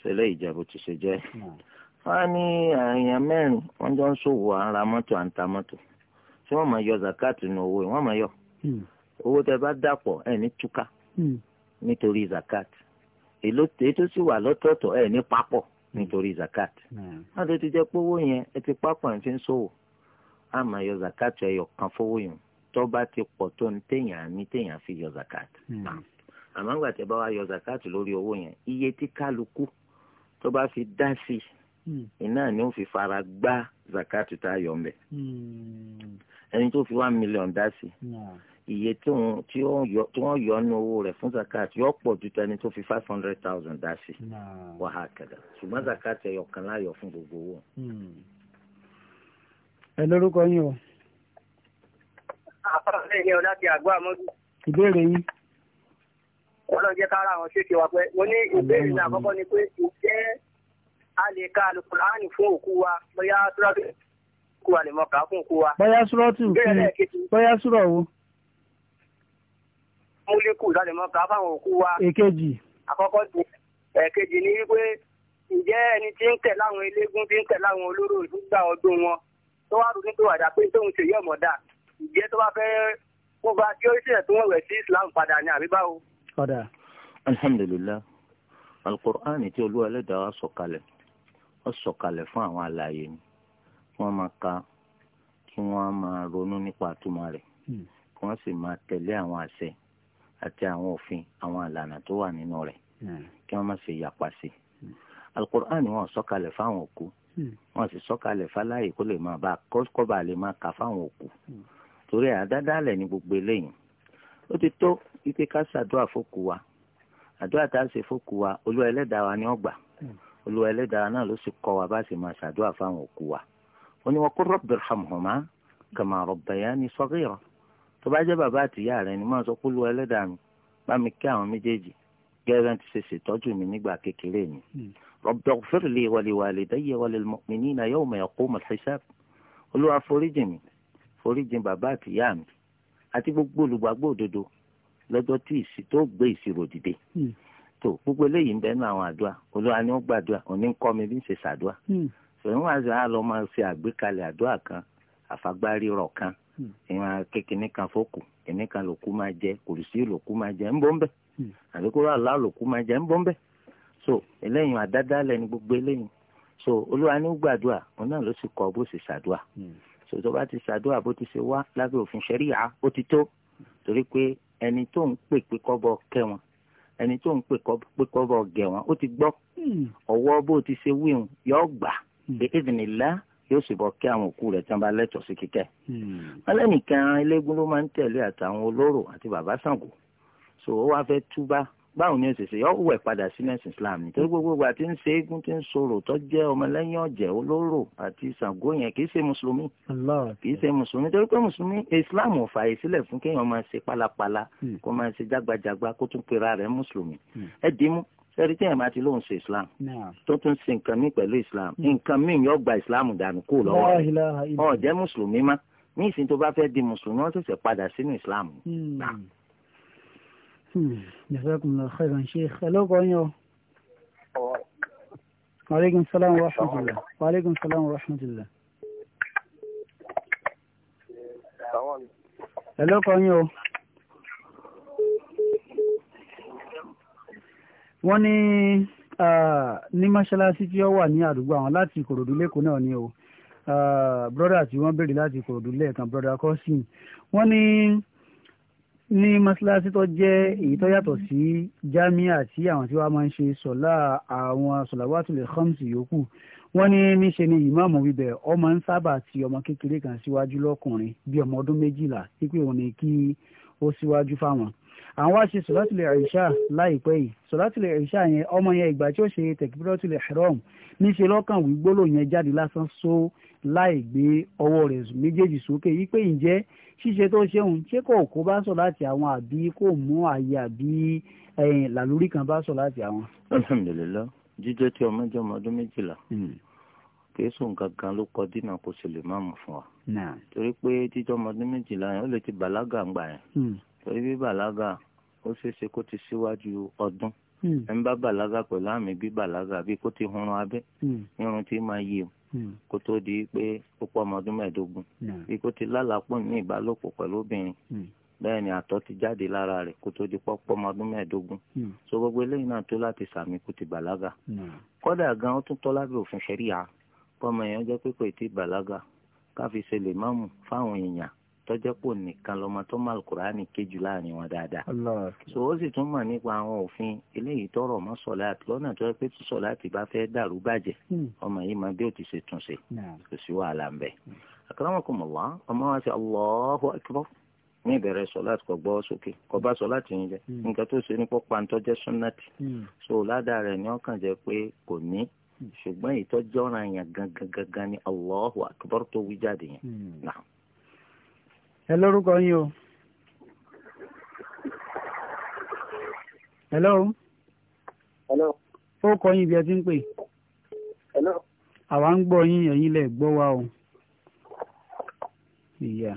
ṣẹlẹ̀ ìjẹ́bù ti ṣe jẹ́ mm. wọ́n á ní èèyàn mẹ́rin wọ́n jọ ń ṣòwò à mọ́tò à mọ́tò tí wọ́n máa yọ zakat nínú owó wọ́n máa yọ owó tẹ bá dàpọ̀ ẹ̀ ní túká nítorí zakat èyí tó sì wà lọ́tọ̀ọ̀tọ̀ ẹ̀ ní papọ̀ hmm. nítorí zakat hmm. náà tó ti jẹ́ pé yẹn ẹ ti papọ̀ ẹ̀ fi ń ṣòwò á máa yọ zakat ẹyọ kan fowó yẹn tó bá ti pọ̀ tó ń téèyàn ní téèyàn fi yọ zakat hmm. ah. àmọ́ ìgbà tẹ́ bá wá yọ zakat lórí owó yẹn iye tí kálukú tó bá fi dá sí iná ni ó fi fara gbá zakat tá a yọ ń ẹni tó fi one million dá sí. Yeah iye tí wọ́n yọ nínú owó rẹ̀ fún zakat yọ pọ̀ ju tẹni tó fi five hundred thousand dá sí wàhálà kẹ̀dà ṣùgbọ́n zakat ẹ̀yọ̀ kan láyọ fún gbogbo owó. Hmm. ẹ lórúkọ yín o. àpárá ẹ̀yẹ ọ̀la àgọ́ àmọ́dún. ìbéèrè yín. ọlọ́run jẹ́ kára àwọn ṣèkè wa pẹ́ mo ní ìbéèrè náà àkọ́kọ́ ni pé ìjẹ́ a lè ka alukùránì fún òkú wa bóyá sùrọ̀tù òkú wa lè mọ̀ ká fún òkú wa. bóyá sùrọ̀tù bóyá sùrọ̀ wo múlíkù lálẹ́ mọ́ ká fáwọn òkú wa. èkejì. àkọ́kọ́ ti èkejì ni wípé ǹjẹ́ ẹni tí ń tẹ̀ láwọn eléégún tí ń tẹ̀ láwọn olóró ìdúgba ọdún wọn tó wá ronú tó wàdà pé tóun ṣe yí ọ̀mọ̀dà ǹjẹ́ tó bá fẹ́ kó bá tí ó ṣẹ̀ tó wọ́n rẹ̀ sí Islam padà ní àbí báwo. ọ̀dà alhamdulillah alukur'an tí olúwa ẹlẹ́dàá wa sọ̀kalẹ̀ ó sọ̀kalẹ̀ fún àwọn àlàyé ni wọ́n máa ka kí wọ́n máa ronú nípa àtúmọ̀ rẹ̀ hmm. kí wọ́n sì máa tẹ̀lé àwọn àṣẹ àti àwọn òfin àwọn ìlànà tó wà nínú rẹ̀ hmm. kí wọ́n má ṣe yapa sí i hmm. alukur'an wọn sọ̀kalẹ̀ fáwọn òkú hmm. wọn sì sọ̀kalẹ̀ fáláyé kó lè máa bá kọ́ba lè máa kà fáwọn òkú torí àdádálẹ̀ ní gbogbo eléyìí ó ti tó ike ká ṣàdúrà fókù wa àdúrà tá a ṣe fókù wa olúwa ẹlẹ́dàá wa ni ó olúwa ẹlẹ́dàá náà ló sì kọ́ wa bá sì máa ṣàdúrà fáwọn òkú wa ó ní wọn kó rabbi irhamhuma kama rabbayani saghira tó bá jẹ́ bàbá àtìyá rẹ ni máa sọ pé olúwa ẹlẹ́dàá mi bá mi kí àwọn méjèèjì gẹ́gẹ́ ti ṣe ṣètọ́jú mi nígbà kékeré mi. Hmm. rabbighfir li wa liwalidayya wa lilmu'minina yawma yaqumul hisab olúwa foríjìn mi foríjìn bàbá àtìyá mi àti gbogbo olùgbàgbọ́ òdodo lọ́jọ́ tí ìsì tó gbé ìṣirò dìde hmm. tó gbogbo eléyìí ń bẹ nínú àwọn àdúrà olúwa ni ó gbàdúrà òní ń kọ́ mi bí ń ṣe ṣàdúrà ṣòwò àti àlọ́ máa ṣe àgbékalẹ̀ àdúrà kan àfagbárírọ̀ kan Hmm. ìwọn kékeré kan fọkù kékeré kan lòkú máa jẹ kùrìsì lòkú máa jẹ ń bọ́ ń bẹ̀ hmm. àbíkúrò àlá lòkú máa jẹ ń bọ́ ń bẹ̀ so eléyìí àdáda lẹni gbogbo eléyìí so olúwa ní gbàdúrà òun náà ló sì kọ bó sì ṣàdúà hmm. so tó bá ti ṣàdúà bó ti ṣe wá lábẹ́ òfin ṣẹ̀ríà ó ti tó torí pé ẹni tó ń pè pé kọ́bọ̀ kẹ́ wọn ẹni tó ń pè pé kọ́bọ̀ gẹ̀ wọn ó ti gbọ́ ọwọ́ bó ti ṣe wíhun yọ gbà bí ìdìnnìlá yóò sì bọ kí àwọn òkú rẹ̀ tí wọ́n bá lẹ́tọ̀ọ́ sí kíkẹ́. Hmm. wọ́n lẹ́nìkan eléégún ló máa ń tẹ̀lé àtàwọn olóró àti bàbá Ṣàngó so ó wáá fẹ́ túbá báwo ni o ṣe ṣe yọ wẹ̀ padà sí nẹ́sìn Islam nítorí gbogbo ìgbà tí ń ṣe eégún tí ń sọ̀rọ̀ tó jẹ́ ọmọlẹ́yìn ọ̀jẹ̀ olóró àti Ṣàngó yẹn kì í ṣe mùsùlùmí kì í ṣe mùsùlùmí torí pé mùsùlùmí Islam ò fààyè sílẹ̀ fún kéèyàn máa ṣe pálapàla hmm. kó máa ṣe jágbajàgba kó tún pera rẹ̀ mùsùlùmí hmm. ẹ dìímú sẹ́rí tí ẹ̀ma ti lóun ṣe islam tó tún ṣe nǹkan mí pẹ̀lú islam hmm. nǹkan mí yóò gba islam dànù kú lọ́wọ́ rẹ̀ ọ̀ jẹ́ mùsùlùmí má ní ìsìn tó bá fẹ́ di mùsùlùmí wọ́n ṣẹ̀ṣẹ̀ padà sínú islam. Hmm. Hmm. jazakumullahu khairan sheikh ẹ lóko ń yọ. waaleykum salaam wa rahmatulah waaleykum salaam wa rahmatulah. ẹ lóko ń yọ. wọ́n ní ní mọ́ṣáláṣí tí ó wà ní àdúgbò àwọn láti ìkòròdú lẹ́kọ̀ọ́ náà ni o brọ́dà tí wọ́n béèrè láti ìkòròdú lẹ́ẹ̀kan brọ́dà kọ́sìn wọ́n ní ní mọ́ṣáláṣí tó jẹ́ èyí tó yàtọ̀ sí jámíà tí àwọn tí wọ́n máa ń ṣe sọ̀lá àwọn sọ̀làwátìlẹ̀ khamsi yòókù wọ́n ní níṣe ni ìmáàmù wíbẹ̀ ọmọ ń sábà ti ọmọ kékeré kan síwájú lọ́kùnrin bíi ọmọ ọdún méjìlá pípé òun ni kí ó síwájú fáwọn àwọn wá ṣe sọ̀látìlẹ̀ àìṣà láìpẹ́ yìí sọ̀látìlẹ̀ àìṣà yẹn ọmọ yẹn ìgbà tí ó ṣe tẹ̀kíbírọ́tìlẹ̀ haram níṣẹ́ lọ́kàn wí gbólò yẹn jáde lásán só láì gbé ọwọ́ rẹ̀ méjèèjì sókè yìí pé ǹjẹ́ ṣíṣe tó ṣeun ṣé kò kó bá sọ láti àwọn àbí kò mú àyè àbí làlórí kan bá sọ láti àwọn. alhamdulilayi jíjẹ tí ọmọ jẹ ọmọ ọdún méjìlá hmm. kìí gangan ló kọ dínà kó sì lè má mú fún wa. torí pé jíjọ ọmọ ọdún méjìlá yẹn ó lè ti bàlágà ń yẹn hmm. torí balaga bàlágà ó ṣeéṣe kó ti síwájú ọdún hmm. ẹ̀ ń bá bàlágà pẹ̀lú àmì bí bàlágà bí kó ti hunrun abẹ́ hmm. irun tí máa yí o hmm. kó tó di pé ó pọ̀ ọmọ ọdún mẹ́ẹ̀ẹ́dógún bí ti lálàpọ̀ ní ìbálòpọ̀ pẹ̀lú obìnrin bẹ́ẹ̀ ni ti jáde lára rẹ̀ kó tó di ọmọ ọdún mẹ́ẹ̀ẹ́dógún so gbogbo eléyìí náà tó láti sàmì kó ti bàlágà gan ó tún tọ́ lábẹ́ òfin ṣẹ̀ríà èèyàn jẹ́ pé kò tí bàlágà fáwọn tọ́jọ́ pò nìkan lọ́mọ tó mọ alukur'ani kéjù láàrin wọn dáadáa. so ó sì tún mọ̀ nípa àwọn òfin eléyìí tọrọ mọ́ sọ̀láàt lọ́nà tó yẹ pé tí sọ̀láàt bá fẹ́ dàrú bàjẹ́ hmm. ọmọ yìí máa bí ó ti ṣe tún ṣe kò sí wàhálà ń bẹ̀. Hmm. akramakumullah ọmọ wa ṣe Allahu akbar ní ìbẹ̀rẹ̀ sọ̀láàt kò gbọ́ sókè kò bá sọ̀láàt yín jẹ́ hmm. nǹkan tó ṣe nípa pàǹtọ́jẹ́ súnnàtì so ládàá rẹ̀ ni ọkàn jẹ́ pé kò ní ṣùgbọ́n ìtọ́jọ́ ọ̀ràn yẹn gangan akbar tó wí jáde ẹ lórúkọ yín o. hello. hello. ó kọ yín bí ẹ ti ń pè. hello. àwa ń gbọ́ yín ẹ̀yin lẹ̀ gbọ́ wa o. ìyá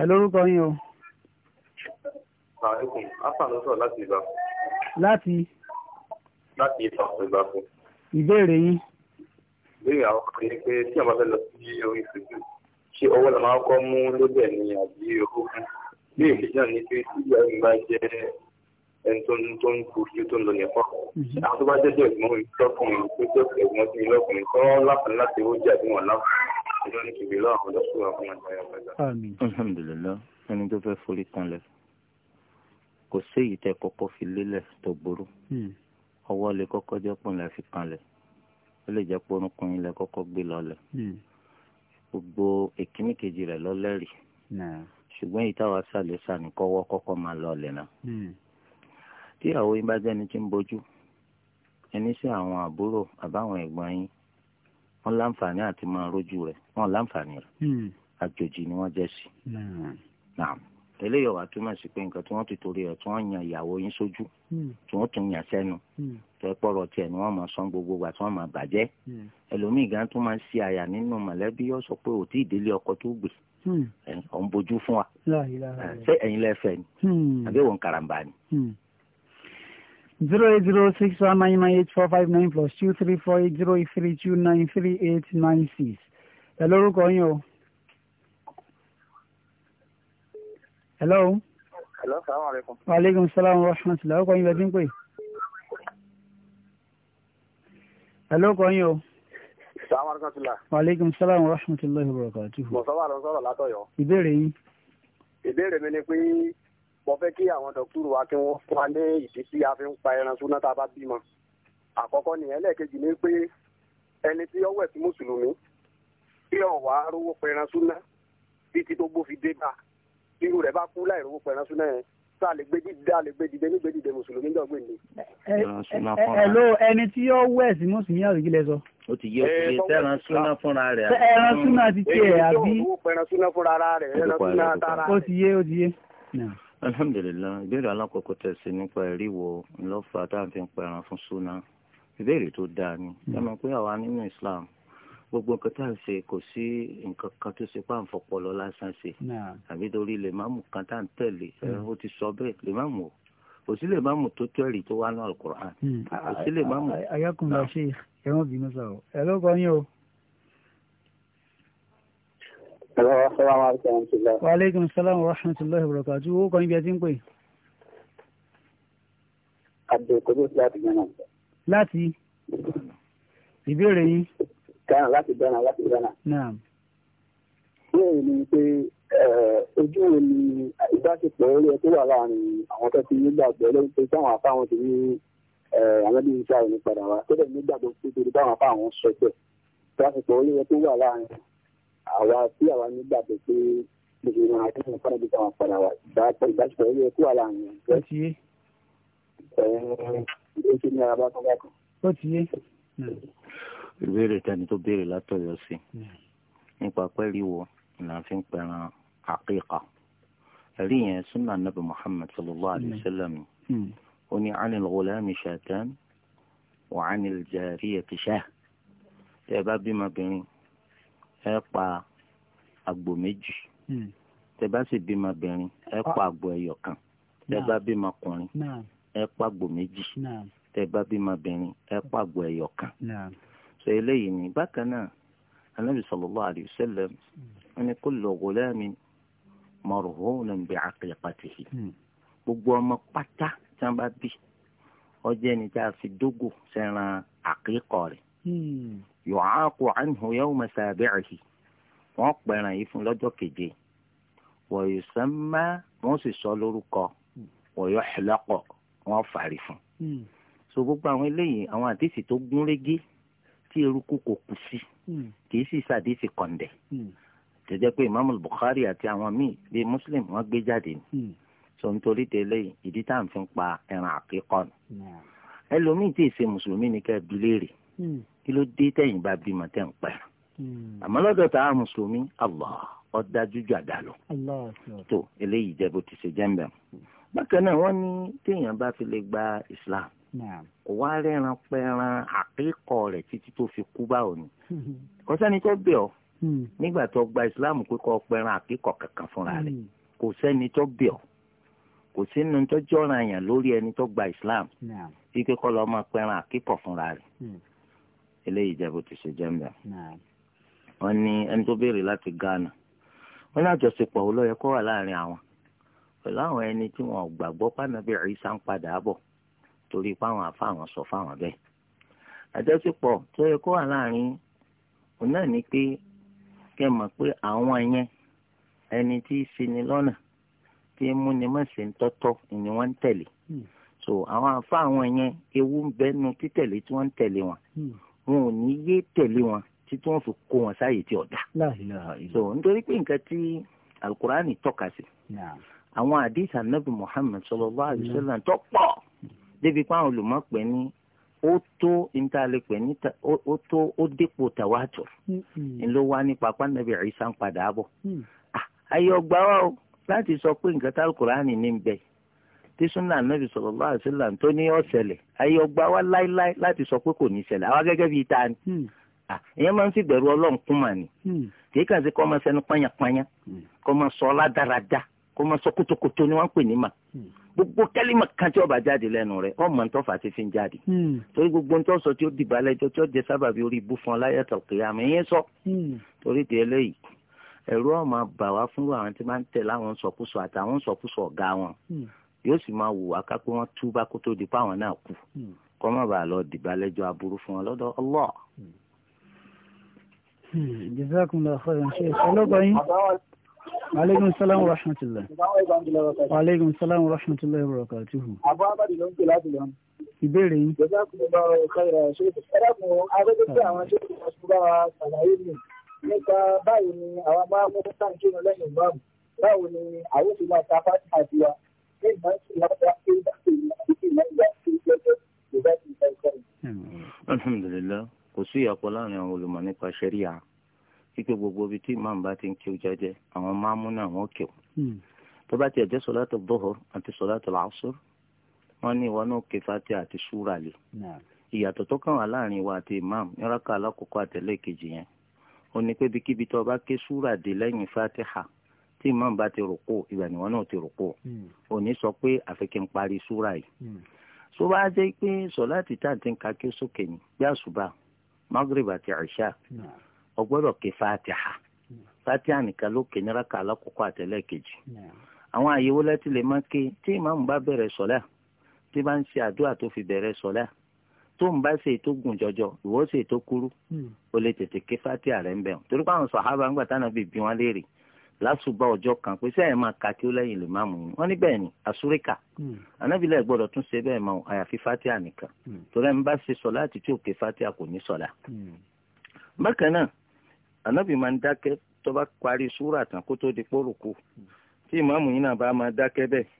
ẹ lórúkọ yín o. àlékún afa ló sọ láti ibà. láti. láti ibà fún ibà fún. ìbéèrè yín. ìbéèrè àwọn kan ní pé tí a bá fẹ́ lọ sí orí Facebook ṣé ọwọ́ la máa kọ́ mú lébẹ̀ ni àbí owó fún bí èkejì náà ní pé tí ìyá mi bá jẹ́ ẹni tó ń tó ń kú tó ń lọ nìkan mhm. àwọn tó bá jẹ́jẹ́ ẹ̀gbọ́n mi lọ́kùnrin tó jẹ́ ẹ̀gbọ́n sí mi lọ́kùnrin tó ń láǹfààní láti owó jẹ́ àdéhùn láǹfààní lọ́nà kìbí lọ́wọ́ ọ̀dọ́ Alhamdulillah ẹni tó fẹ́ forí kanlẹ̀ kò séyìí tẹ kọ́kọ́ fi lélẹ̀ tó burú hmm. ọwọ́ lè kọ́kọ́ jẹ́ pọ̀ lẹ́ fi kanlẹ̀ ó lè jẹ́ pọ̀ orúnkún ilẹ̀ kọ́kọ́ gbé lọ́lẹ̀ hmm gbogbo èkíní kejì rẹ̀ lọ́lẹ́rìí ṣùgbọ́n èyí táwa sàlẹ̀ sàní kọ́wọ́ kọ́kọ́ máa lọ ọ̀lẹ̀ náà. Hmm. tí àwọn yín bá jẹ́ni tí ń bójú ẹni sí àwọn àbúrò àbáwọn ẹ̀gbọ́n yín wọ́n láǹfààní àti máa rójú rẹ̀ wọ́n láǹfààní rẹ̀ hmm. àjòjì ni wọ́n jẹ́ sí eléyọ̀ wá túmọ̀ sí pé nǹkan tí wọ́n ti torí ẹ̀ tí wọ́n yan ìyàwó yín sójú hmm. tí wọ́n tún yàn sẹ́nu hmm. tẹ pọ̀rọ̀ tiẹ̀ ni wọ́n máa san gbogbo wa tí wọ́n máa bàjẹ́ hmm. ẹlòmíì gan tún máa ń ṣe àyà nínú mọ̀lẹ́bí yóò sọ pé òtí ìdílé ọkọ tó gbè ọ̀ bójú fún wa ṣé ẹ̀yin lẹ́fẹ̀ẹ́ ni àbẹ̀wò ń karambà ni zero eight zero six one nine nine eight four five nine plus two three four eight zero eight three two nine three eight nine six. ẹ lórúkọ yín o. hello. hello salaamaleykum. maaleykum salaam wa rahmatulah ọkọ yín bẹ tí ń hello kọ́ yín o. salaamu alaykum. maaleykum salaam wa rahmatulah ibarakatu. mọ̀sánwó àlọ́ sọ̀rọ̀ látọ̀yọ́. ìbéèrè yín. ìbéèrè mi ni pé mo fẹ́ kí àwọn dọ̀kítúrù wa kí wọ́n fún wa ní ìdí tí a fi ń pa ẹran súná tá a bá bímọ. àkọ́kọ́ nìyẹn lẹ́ẹ̀kejì ni pé ẹni tí ọwọ́ ẹ̀ sí mùsùlùmí tí ọ̀wá rówó pẹran súná títí tó gbó fi dé bá a irú rẹ̀ bá kú láì rówó pẹ̀rán súná yẹn tá lè gbé dídé lè gbé dídé nígbè dídé mùsùlùmí jọ gbé ni. ẹ̀ló ẹni tí yóò wẹ̀ sí mùsùlùmí àrùkí lẹ sọ. ó ti yé òkè tẹ́ran súná fúnra rẹ̀. ẹran súná ti tiẹ̀ àbí. ẹran súná fúnra rẹ̀ ẹran súná tara rẹ̀. ó ti yé ó ti yé alhamdulilayi ìbéèrè alákọ̀ọ́kọ́ tẹ̀sí nípa ẹ̀rí wo tá à ń fi pẹran fún súná ìbéèrè tó dáa ni ẹ hmm. mọ̀ pé àwa nínú islam gbogbo nǹkan tá à ń ṣe kò sí nǹkan kan tó ṣe páà ń fọpọlọ lásán ṣe àbí torí lèmáàmù kan tá à ń tẹ̀lé hmm. ó ti sọ bẹ́ẹ̀ lèmáàmù o kò sí lèmáàmù tó tó ẹ̀rí tó wá náà Al-Qur'an hmm. kò sí lèmáàmù. ayákùnlá ṣe ẹ̀wọ̀n bínú sá o ẹ ló kọ́ yín o. wa aleykum salaam wa rahmatulahi wa barakatuh owó kan ibi ẹ ti ń pè. àbẹ̀kọ́ ló ti láti gbẹ̀nà. láti ìbéèrè yín. Ghana láti Ghana láti Ghana. bẹ́ẹ̀ ni pé ojú wo ni ìbáṣepọ̀ orí ẹ tó wà láàrin àwọn tó ti ní gbàgbọ́ lórí pé táwọn afá wọn ti ní àwọn bí iṣẹ́ àìní padà wá tó dẹ̀ ní gbàgbọ́ pé torí táwọn afá wọn sọ pé ìbáṣepọ̀ orí ẹ tó wà láàrin àwa tí àwa ní gbàgbọ́ pé gbogbo ìrìn àjò ìrìn padà bí táwọn padà wá ìbáṣepọ̀ orí ẹ tó wà láàrin ẹ̀ ó ti ní araba kan bákan. ó ti yé ìbéèrè tẹni tó béèrè látọ̀yọ́ sí hmm. nípa pẹ́ẹ́líwọ̀ là ń fi ń pẹran àkíkà ẹ̀rí yẹn súnà nàbì Muhammad sallallahu alayhi wa sallam hmm. Hmm. ó ní anil ghulami shatan wa anil jariyati shah tẹ́ ẹ bá bímọbìnrin ẹ pa àgbò méjì tẹ́ bá sì bímọbìnrin ẹ pa àgbò ẹyọ kan tẹ́ bá bímọkùnrin ẹ pa àgbò méjì tẹ́ bá bímọbìnrin ẹ pa àgbò ẹyọ kan nípasẹ̀ eléyìí ní bákan náà anábì sallallahu alayhi wa sallam wọn ni kullu ghulamin marhunan bi aqiqatihi hmm. gbogbo ọmọ pátá tí wọn bá bí ọjọ́ ẹni tí a fi dógò sẹ́ran àkíkọ̀ rẹ̀ hmm. yu'aqu anhu yawma sabi'ihi wọ́n pẹ̀ràn yìí fún lọ́jọ́ keje wa yusamma wọ́n sì sọ lórúkọ wa yuhlaqu wọ́n fàárí fún. Hmm. so gbogbo àwọn eléyìí àwọn àdìsí tó gún régé tí eruku kò kù sí hmm. kì í sì sàdísì kọ̀ǹdẹ̀ hmm. tẹ̀jẹ́ pé imaamu bukhari àti àwọn míì bíi muslim wọ́n gbé jáde ni hmm. so nítorí tẹ́lẹ̀ ìdí tá à ń fi pa ẹran àkíkọ́ ni ẹlòmíì tí ì ṣe mùsùlùmí ni ká bi léèrè kí ló dé tẹ̀yìn bá bímọ tẹ̀ ń pẹ́ àmọ́ lọ́dọ̀ tá a mùsùlùmí allah ọ̀dà jújù àdá lọ tó eléyìí jẹ́ bó ti ṣe jẹ́ ń bẹ̀ bákan náà wọ́n ní téèyàn bá fi lè gba islam kò wá rẹ́ran pẹ́ran àkíkọ̀ rẹ̀ títí tó fi kú báwo ni hmm. kò sẹ́ni tó bẹ̀ ọ́ hmm. nígbà tó gba ìsìláàmù pé kó pẹ́ran àkíkọ̀ kankan fúnra rẹ̀ hmm. kò sẹ́ni tó bẹ̀ ọ́ kò sínú tó jọ́ra yàn lórí ẹni tó gba islam bí kíkọ́ lọ́ọ́ máa pẹ́ran àkíkọ̀ fúnra rẹ̀ eléyìí jẹ́ bó ti ṣe jẹ́ mbẹ́. wọ́n ní ẹni tó béèrè láti Ghana wọ́n ní àjọṣepọ̀ wo ló yẹ kó wà láàrin àwọn pẹ̀lú àwọn ẹni tí wọ́n gbàgbọ́ pànàbí Ìsá ń padà bọ̀ torí páwọn àfa àwọn sọ fáwọn bẹ́ẹ̀ àjọṣepọ̀ tó yẹ kó wà láàrin òun náà ni pé kẹ́ mọ̀ pé àwọn yẹn ẹni tí í ṣeni lọ́nà tí ń múni má ṣe ń tọ́tọ́ ni wọ́n ń tẹ̀lé hmm. so àwọn àfa àwọn yẹn ewu ń bẹnu títẹ̀lé tí wọ́n ń tẹ̀lé wọn hmm. wọn ò ní yé tẹ̀lé wọn títí wọ́n fi kó wọn sáyè tí ọ̀dà so nítorí pé nǹkan tí alukurani tọ́ka sí àwọn àdìsí anabi muhammed sallallahu alaihi wasallam hmm. tó pọ̀ débi pé àwọn olùmọ̀ pè ní ó tó ni ní ó tó ó dépò tàwátùr ńlọ mm-hmm. wá nípa pàǹdàbí Ìsá ń padà mm. ah, ayé ọgbà wa o láti sọ pé nǹkan tá ni ní bẹ tí sunna anabi sallallahu alaihi wasallam tó ní ó ayé ọgbà wa láíláí láti sọ pé kò ní awa àwa gẹ́gẹ́ bíi ni mm. ah, ìyẹn máa ń fi kún mà ní mm. kì í kàn sí kọ́ ọmọ pányápányá kọ́ ọmọ sọ gbogbo kẹ́límà kan tí ó bá jáde lẹ́nu rẹ̀ ọmọ ń tọ́fà ti fi ń jáde. Hmm. torí gbogbo ń tọ́ sọ tí ó dìbà lẹ́jọ́ tí ó jẹ sábàbí orí ibú fún ọ láyé tọ̀kì àmì yẹn sọ. Hmm. torí ti eléyìí ẹ̀rú ọmọ bà wá fún àwọn tí máa ń tẹ̀ láwọn sọkúsọ àtàwọn sọkúsọ ọ̀gá wọn hmm. yóò sì máa wù wá kápẹ́ wọn tú bá kó tó di pa àwọn náà kú kọ́ má bàa lọ dìbà lẹ́jọ́ aburú fún ọ lọ́dọ̀ Allah. Aleykum salaam wa rahmatulah. Wa aleykum salaam wa rahmatulah wa barakatuhu. Àbọ̀ Amadi ló ń pè láti lọ. Ìbéèrè yín. Ìjọba kò lọ ọ̀ka ìrà ṣe é. Ẹ̀rọ mú abẹ́gbẹ́sẹ̀ àwọn ṣé kò lọ sí bá wa ṣàlàyé mi nípa báyìí ni àwọn máa mú sáǹkì ní lẹ́yìn ìbámu. Báwo ni àwọn òṣèlú àti apáti àti wa ní ìbáṣe láti àti ìbáṣe ìbáṣe ìbáṣe ìbáṣe ìbáṣe ìbáṣe. Alhamdulillah, kò sí ìyàpọ̀ láàrin àwọn olùmọ̀ nípa ṣẹ́ríà wípé gbogbo ibi tí ìmáàmù bá ti ń kí o jẹjẹ àwọn máàmú náà wọ́n kí o hmm. tó bá tiẹ̀ jẹ́ sọ̀látù dọ́họ̀ àti sọ̀látù làásùr wọ́n ní ìwọ náà ké fati àti súra lè ìyàtọ̀ tó kàn wá láàrin wa àti ìmáàmù níraka alákọ̀ọ́kọ́ àtẹ̀lé kejì yẹn ó ní pé bíkíbi tó bá ké súra dé lẹ́yìn fatiha tí ìmáàmù bá ti rùkú ìgbà ni wọn náà ti rùkú ò hmm. ní sọ pé àfi kí n parí súra yìí hmm. tó bá jẹ́ pé sọ̀látù tá à ti ń ka kí ó sókè ní bí àṣùbà magrib àti ìṣà ó gbọ́dọ̀ ké fatiha hmm. fatiha nìkan ló ké níraka alákọ̀ọ́kọ́ àtẹlẹ́kejì hmm. àwọn àyẹ̀wò láti lè máa ké tí ìmáàmù bá bẹ̀rẹ̀ sọ̀lá tí bá ń ṣe àdúrà tó fi bẹ̀rẹ̀ sọ̀lá tó ń bá ṣe ètò gùn jọjọ ìwọ ṣe ètò kúrú hmm. o lè tètè ké fatiha rẹ̀ ń bẹ̀ torí pé àwọn sàhábà ń gbà tánà bíi bí wọ́n léèrè lásùbà ọjọ́ kan pé sẹ́yìn máa ka kí ó lẹ́yìn lè máa mú un wọ́n ni àsúríkà anábìlẹ̀ gbọ́dọ̀ tún ṣe bẹ́ẹ̀ mọ́ àyàfi fatia nìkan torí ẹni bá ṣe sọ láti tí òkè fatia kò ní sọ̀la. bákan náà ànábì máa ń dákẹ́ tó bá parí súrà tán kó tó di pórùkù tí ìmáàmù yìí náà bá máa dákẹ́ bẹ́ẹ̀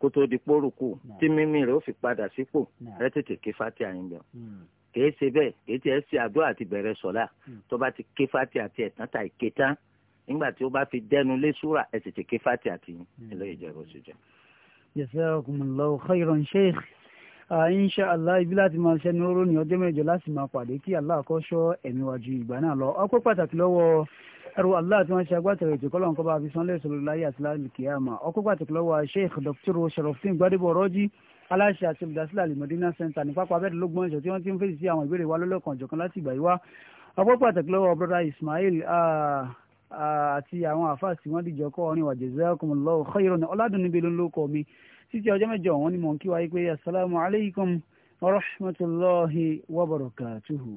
kó tó di pórùkù tí mímí rẹ̀ ó fi padà sípò ẹ tètè ké fati àyìnbẹ̀ hmm. kèé ṣe bẹ́ẹ̀ kèé tiẹ̀ ṣe àdúrà àti bẹ̀rẹ̀ sọ̀lá hmm. tó bá ti ké fati àti ẹ̀tán tà ìké tán nígbà tí ó bá fi dẹnu lé súrà ẹ tètè ké fati àti yín hmm. eléyìí jẹ́ bó jẹ́. jazakumullahu insha allah ibi láti máa ṣẹ́ni oró ní ọjọ́ mẹ́jọ láti máa pàdé kí allah àkọ́ṣọ́ ẹ̀mí wa ju ìgbà náà lọ ọpẹ́ pàtàkì lọ́wọ́ ẹrù allah tí wọ́n ṣe agbátẹrù ètò kọ́lọ́n kọ́ba àfisàn lẹ́sọ̀rọ̀ láyé àti láàlùkìyàmà ọpẹ́ pàtàkì lọ́wọ́ sheikh dr sharafin gbadebo ọ̀rọ́jì aláṣẹ àti olùdásílẹ̀ alimọ̀dínà center ní pápá abẹ́ẹ̀dẹ́lógún ẹ̀ṣọ́ tí wọ́n ti ń fèsì sí àwọn ìbéèrè wa lọ́lọ́kan ọ̀jọ̀kan láti ìgbà yìí wá ọpẹ́ pàtàkì lọ́wọ́ brọ́dá ismail títí ọjọ́ mẹ́jọ wọn ni mò ń kí wáyé pé asalaamualeykum wa rahmatulahi wa barakatuhu.